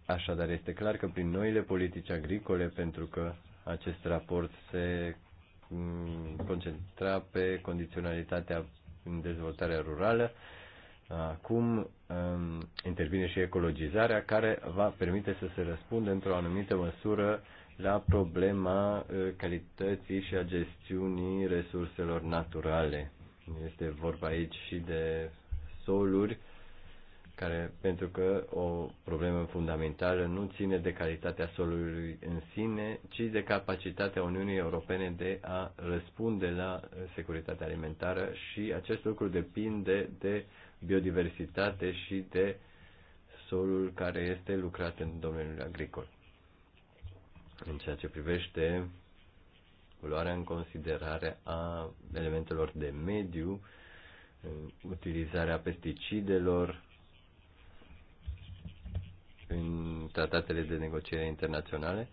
D: Așadar, este clar că prin noile politici agricole, pentru că acest raport se mm, concentra pe condiționalitatea în dezvoltarea rurală. Acum mm, intervine și ecologizarea care va permite să se răspundă într-o anumită măsură la problema mm, calității și a gestiunii resurselor naturale. Este vorba aici și de soluri care, pentru că o problemă fundamentală nu ține de calitatea solului în sine, ci de capacitatea Uniunii Europene de a răspunde la securitatea alimentară și acest lucru depinde de biodiversitate și de solul care este lucrat în domeniul agricol. În ceea ce privește luarea în considerare a elementelor de mediu, utilizarea pesticidelor, în tratatele de negociere internaționale.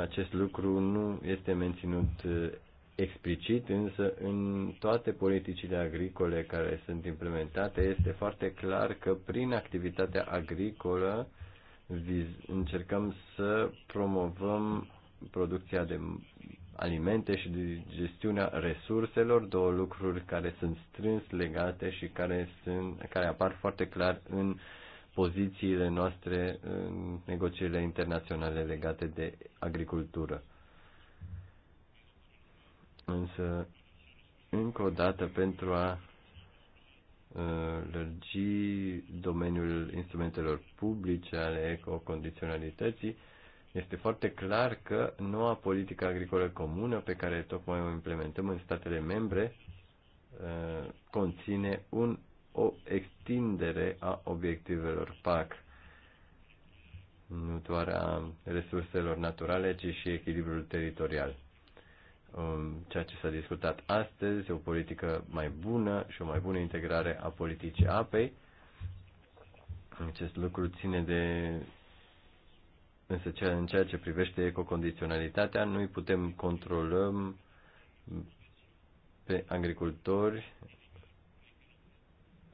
D: Acest lucru nu este menținut uh, explicit, însă în toate politicile agricole care sunt implementate este foarte clar că prin activitatea agricolă încercăm să promovăm producția de alimente și de gestiunea resurselor, două lucruri care sunt strâns legate și care, sunt, care apar foarte clar în uh, pozițiile noastre în negocierile internaționale legate de agricultură. Însă, încă o dată, pentru a uh, lărgi domeniul instrumentelor publice ale ecocondiționalității, este foarte clar că noua politică agricolă comună pe care tocmai o implementăm în statele membre uh, conține un o extindere a obiectivelor PAC nu doar a resurselor naturale, ci și echilibrul teritorial. Um, ceea ce s-a discutat astăzi, o politică mai bună și o mai bună integrare a politicii apei. Acest lucru ține de. Însă în ceea ce privește ecocondiționalitatea, noi putem controlăm pe agricultori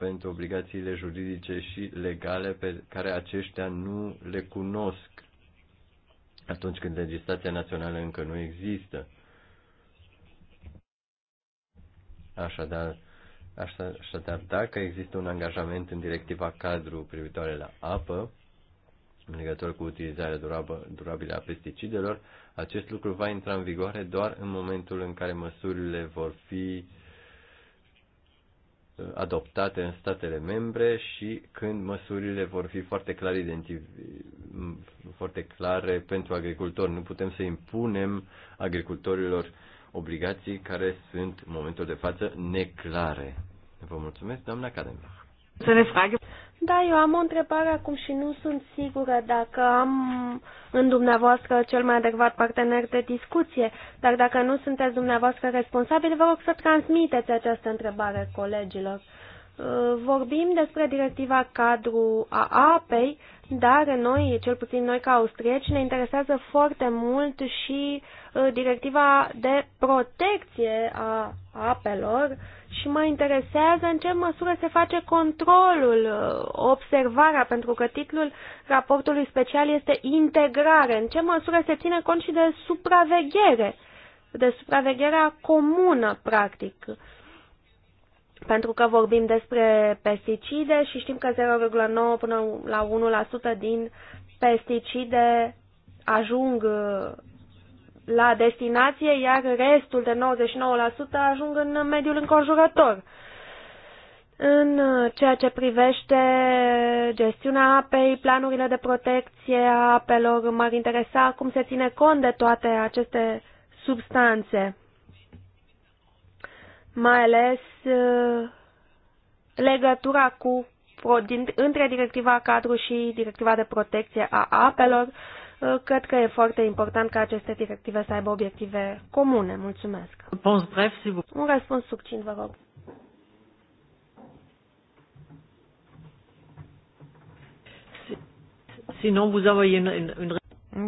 D: pentru obligațiile juridice și legale pe care aceștia nu le cunosc atunci când legislația națională încă nu există. Așadar, așadar dacă există un angajament în directiva cadru privitoare la apă, în legătură cu utilizarea durabilă a pesticidelor, acest lucru va intra în vigoare doar în momentul în care măsurile vor fi uh, adoptate în statele membre și când măsurile vor fi foarte clar, foarte clare pentru agricultori. Nu putem să impunem agricultorilor obligații care sunt în momentul de față neclare. Vă mulțumesc, doamna Kadenbach.
A: Da, eu am o întrebare acum și nu sunt sigură dacă am în dumneavoastră cel mai adecvat partener de discuție, dar dacă nu sunteți dumneavoastră responsabili, vă rog să transmiteți această întrebare colegilor. Uh, vorbim despre directiva cadru a apei, dar noi, cel puțin noi ca austrieci, ne interesează foarte mult și uh, directiva de protecție a apelor, și mă interesează în ce măsură se face controlul, uh, observarea, pentru că titlul raportului special este integrare, în ce măsură se ține cont și de supraveghere, de supravegherea comună, practic. Pentru că vorbim despre pesticide și știm că 0,9 până la 1% din pesticide ajung uh, la destinație, iar restul de 99% ajung în mediul înconjurător. În ceea ce privește gestiunea apei, planurile de protecție a apelor, m-ar interesa cum se ține cont de toate aceste substanțe, mai ales legătura cu, între directiva cadru și directiva de protecție a apelor, Uh, cred că e foarte important ca aceste directive să aibă obiective comune. Mulțumesc. Un răspuns succint, vă rog.
B: Sinon,
C: vous une, une...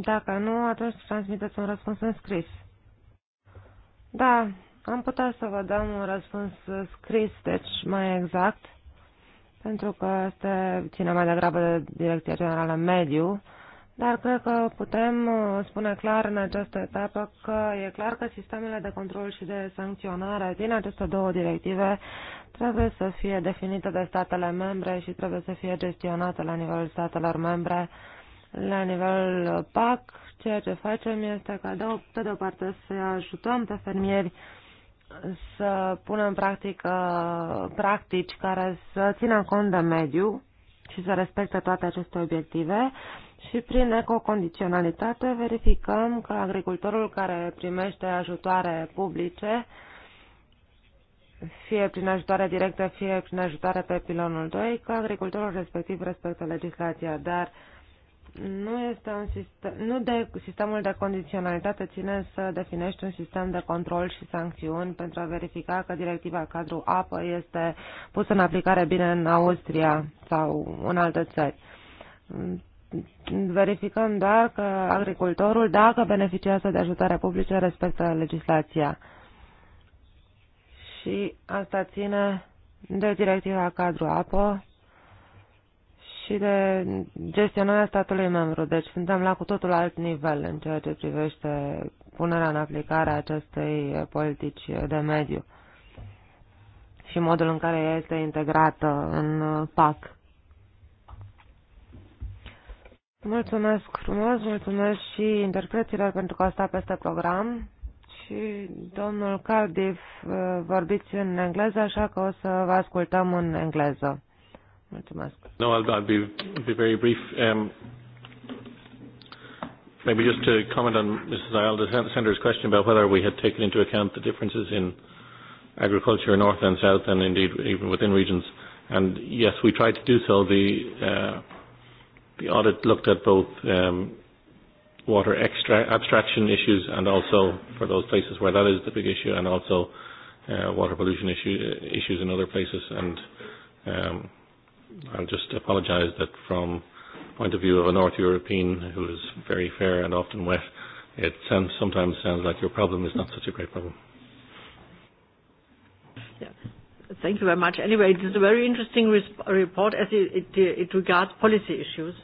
C: Dacă nu, atunci transmiteți un răspuns în scris. Da, am putea să vă dăm un răspuns scris, deci mai exact, pentru că este ține mai degrabă de Direcția Generală Mediu dar cred că putem uh, spune clar în această etapă că e clar că sistemele de control și de sancționare din aceste două directive trebuie să fie definite de statele membre și trebuie să fie gestionate la nivelul statelor membre, la nivelul uh, PAC. Ceea ce facem este ca, de, pe de o parte, să ajutăm pe fermieri să punem în practică practici care să țină cont de mediu și să respecte toate aceste obiective și prin ecocondiționalitate verificăm că agricultorul care primește ajutoare publice, fie prin ajutoare directă, fie prin ajutoare pe pilonul 2, că agricultorul respectiv respectă legislația, dar nu, este un sistem, nu de sistemul de condiționalitate ține să definești un sistem de control și sancțiuni pentru a verifica că directiva cadru apă este pusă în aplicare bine în Austria sau în alte țări verificăm doar că agricultorul, dacă beneficiază de ajutare publice, respectă legislația. Și asta ține de directiva cadru apă și de gestionarea statului membru. Deci suntem la cu totul alt nivel în ceea ce privește punerea în aplicare a acestei politici de mediu și modul în care ea este integrată în PAC. Mulțumesc frumos, mulțumesc și interpreților pentru că au stat peste program și domnul Cardiff uh, vorbiți în engleză, așa că o să vă ascultăm în engleză. Mulțumesc.
D: No, I'll, I'll be, be very brief. Um, maybe just to comment on Mrs. Ayala Sender's question about whether we had taken into account the differences in agriculture north and south and indeed even within regions. And yes, we tried to do so. The uh, The audit looked at both um, water extra abstraction issues and also for those places where that is the big issue and also uh, water pollution issue, uh, issues in other places. And um, I'll just apologise that from the point of view of a North European who is very fair and often wet, it sounds, sometimes sounds like your problem is
B: not such a great problem. Yeah. Thank you very much. Anyway, it is a very interesting report as it, it, it regards policy issues.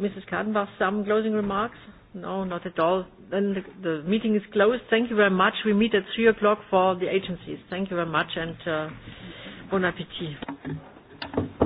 B: Mrs. Kadenbach, some closing remarks? No, not at all. Then the, the meeting is closed. Thank you very much. We meet at 3 o'clock for the agencies. Thank you very much and uh, bon appétit.